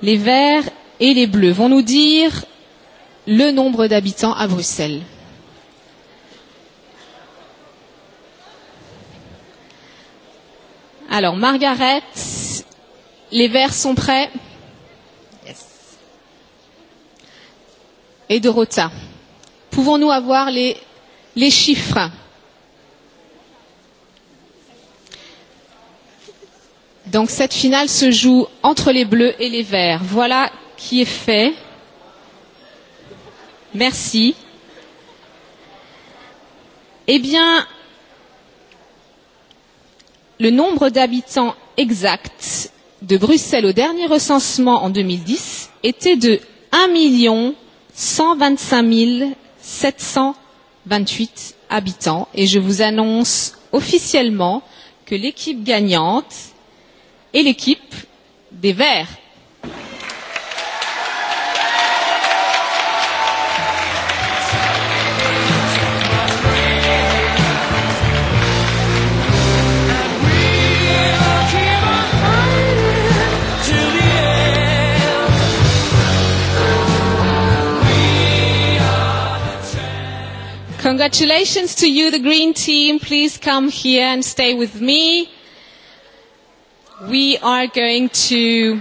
Les verts et les bleus vont nous dire le nombre d'habitants à Bruxelles. Alors, Margaret, les verts sont prêts Yes. Et Dorota. Pouvons-nous avoir les, les chiffres Donc cette finale se joue entre les bleus et les verts. Voilà qui est fait. Merci. Eh bien, le nombre d'habitants exact de Bruxelles au dernier recensement en deux mille dix était de un cent vingt cinq 1 125 728 habitants et je vous annonce officiellement que l'équipe gagnante est l'équipe des Verts. Congratulations to you, the Green Team. Please come here and stay with me. We are going to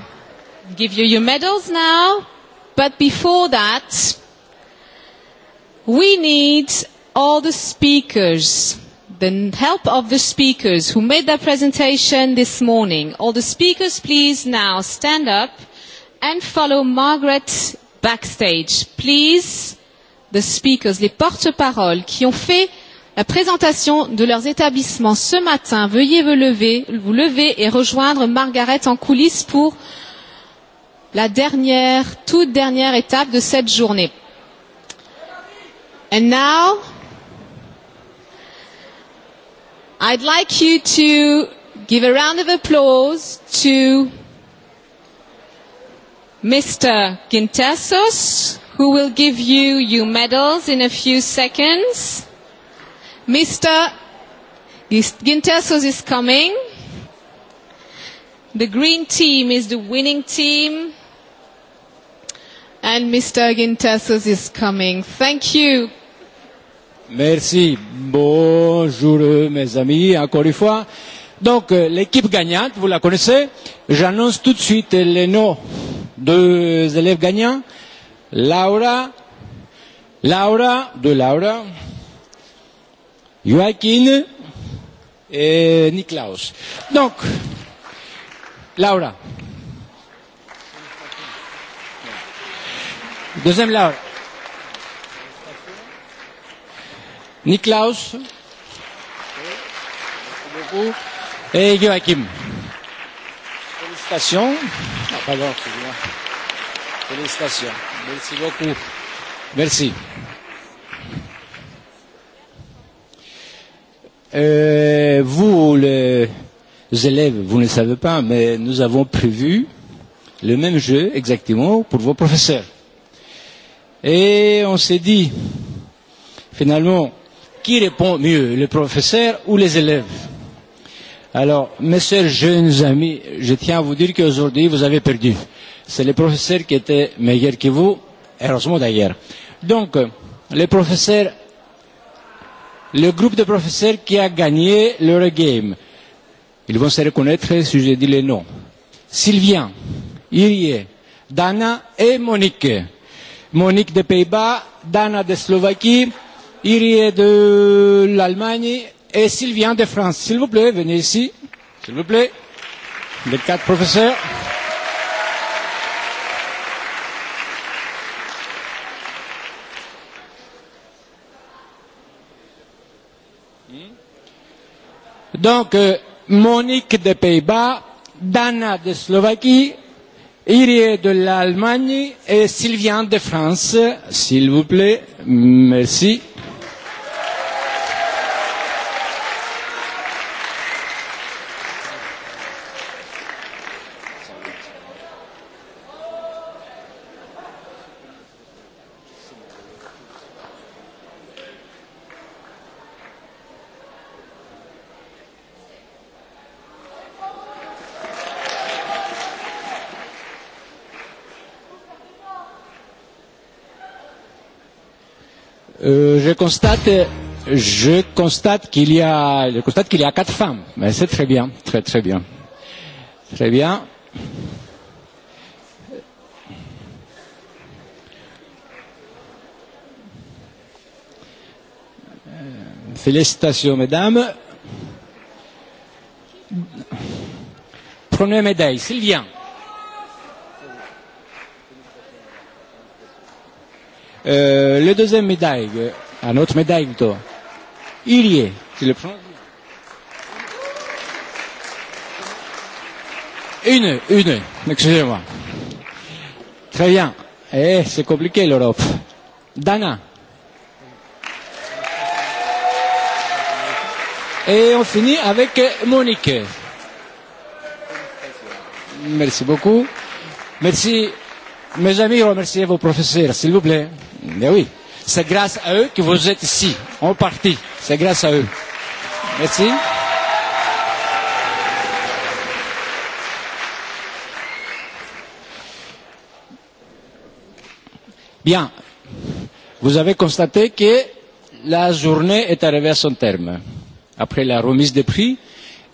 give you your medals now. But before that, we need all the speakers, the help of the speakers who made their presentation this morning. All the speakers, please now stand up and follow Margaret backstage. Please the speakers, les porte-paroles qui ont fait la présentation de leurs établissements ce matin. Veuillez vous lever, vous lever et rejoindre Margaret en coulisses pour la dernière, toute dernière étape de cette journée. And now, I'd like you to give a round of applause to Mr. Gintasos who will give you your medals in a few seconds. Mr. Gintersos is coming. The green team is the winning team. And Mr. Gintersos is coming. Thank you. Merci. Bonjour mes amis, encore une fois. Donc l'équipe gagnante, vous la connaissez. J'annonce tout de suite les noms des élèves gagnants. Laura, Laura de Laura, Joachim et Niklaus. Donc, Laura. Deuxième Laura. Niklaus. Et Joachim. Félicitations. Ah, pardon, Félicitations. Merci beaucoup. Euh, vous, les élèves, vous ne savez pas, mais nous avons prévu le même jeu exactement pour vos professeurs. Et on s'est dit, finalement, qui répond mieux, les professeurs ou les élèves Alors, mes chers jeunes amis, je tiens à vous dire qu'aujourd'hui, vous avez perdu c'est le professeur qui était meilleur que vous, heureusement d'ailleurs. Donc, le professeur, le groupe de professeurs qui a gagné leur game, ils vont se reconnaître si je dis les noms. Sylvien, Irie, Dana et Monique. Monique des Pays-Bas, Dana de Slovaquie, Irie de l'Allemagne et Sylvien de France. S'il vous plaît, venez ici. S'il vous plaît. Les quatre professeurs. Donc, Monique des Pays-Bas, Dana de Slovaquie, Irie de l'Allemagne et Sylviane de France. S'il vous plaît, merci. Je constate, je constate qu'il y a, je constate qu'il y a quatre femmes. Mais c'est très bien, très très bien. Très bien. Félicitations, mesdames. Première médaille, Sylvien. Euh, le deuxième médaille, Un autre médaille d'or. Irie, le Une, une, excusez-moi. Très bien. Eh, c'est compliqué l'Europe. Dana. Et on finit avec Monique. Merci beaucoup. Merci, mes amis, remerciez vos professeurs, s'il vous plaît. oui. C'est grâce à eux que vous êtes ici, en partie. C'est grâce à eux. Merci. Bien. Vous avez constaté que la journée est arrivée à son terme. Après la remise des prix,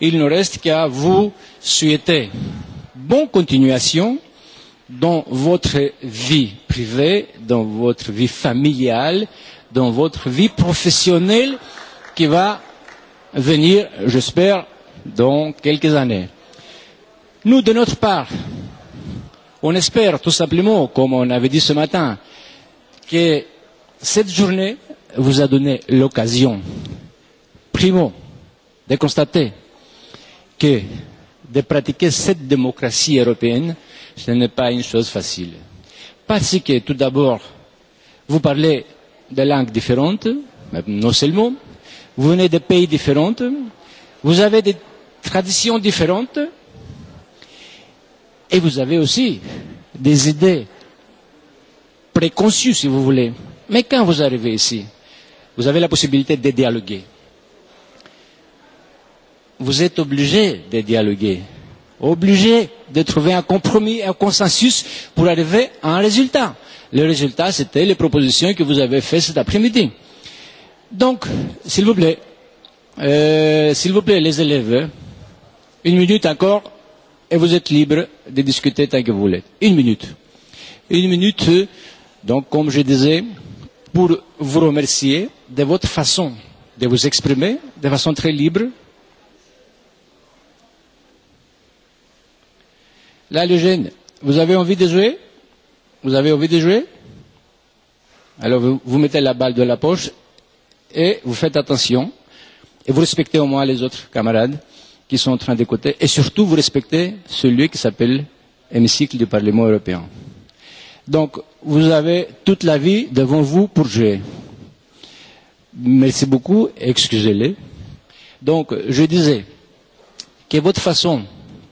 il ne reste qu'à vous souhaiter bonne continuation dans votre vie privée, dans votre vie familiale, dans votre vie professionnelle qui va venir, j'espère, dans quelques années. Nous, de notre part, on espère tout simplement, comme on avait dit ce matin, que cette journée vous a donné l'occasion, primo, de constater que de pratiquer cette démocratie européenne ce n'est pas une chose facile. Parce que tout d'abord, vous parlez de langues différentes, non seulement, vous venez de pays différents, vous avez des traditions différentes, et vous avez aussi des idées préconçues, si vous voulez. Mais quand vous arrivez ici, vous avez la possibilité de dialoguer. Vous êtes obligé de dialoguer obligé de trouver un compromis, un consensus pour arriver à un résultat. Le résultat, c'était les propositions que vous avez faites cet après-midi. Donc, s'il vous plaît, s'il vous plaît, les élèves, une minute encore, et vous êtes libres de discuter tant que vous voulez. Une minute. Une minute, donc, comme je disais, pour vous remercier de votre façon de vous exprimer, de façon très libre, Là, Eugène, vous avez envie de jouer Vous avez envie de jouer Alors, vous, vous mettez la balle de la poche et vous faites attention. Et vous respectez au moins les autres camarades qui sont en train d'écouter. Et surtout, vous respectez celui qui s'appelle hémicycle du Parlement européen. Donc, vous avez toute la vie devant vous pour jouer. Merci beaucoup. Excusez-les. Donc, je disais que votre façon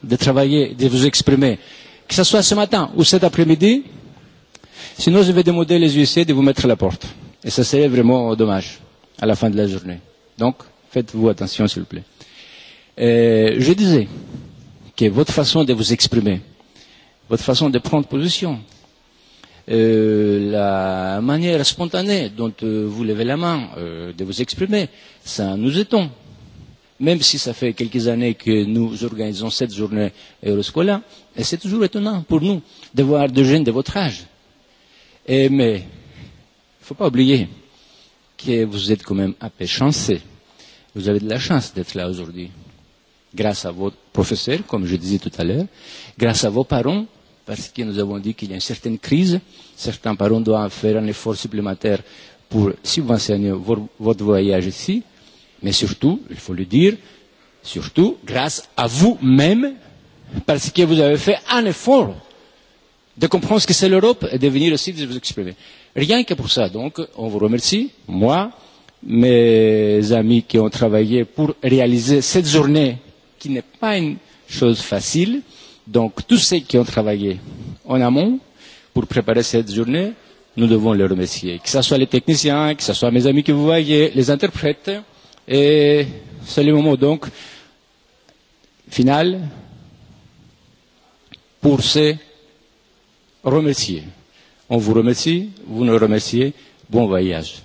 de travailler, de vous exprimer, que ce soit ce matin ou cet après-midi. Sinon, je vais demander les huissiers de vous mettre à la porte. Et ça serait vraiment dommage à la fin de la journée. Donc, faites-vous attention, s'il vous plaît. Euh, je disais que votre façon de vous exprimer, votre façon de prendre position, euh, la manière spontanée dont vous levez la main, euh, de vous exprimer, ça nous étonne même si ça fait quelques années que nous organisons cette journée Euroscola, et c'est toujours étonnant pour nous de voir des jeunes de votre âge. Et, mais il ne faut pas oublier que vous êtes quand même un peu chanceux. Vous avez de la chance d'être là aujourd'hui. Grâce à vos professeurs, comme je disais tout à l'heure, grâce à vos parents, parce que nous avons dit qu'il y a une certaine crise, certains parents doivent faire un effort supplémentaire pour subventionner votre voyage ici mais surtout, il faut le dire, surtout grâce à vous-même, parce que vous avez fait un effort de comprendre ce que c'est l'Europe et de venir aussi de vous exprimer. Rien que pour ça, donc, on vous remercie, moi, mes amis qui ont travaillé pour réaliser cette journée, qui n'est pas une chose facile, donc tous ceux qui ont travaillé en amont pour préparer cette journée, nous devons les remercier, que ce soit les techniciens, que ce soit mes amis que vous voyez, les interprètes, Et c'est le moment donc final pour se remercier. On vous remercie, vous nous remerciez. Bon voyage.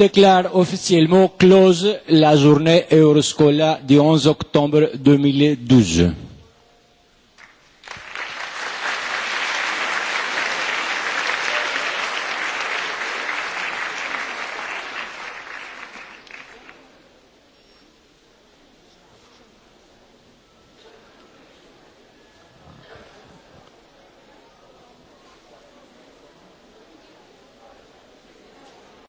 déclare officiellement close la journée Euroscola du 11 octobre 2012.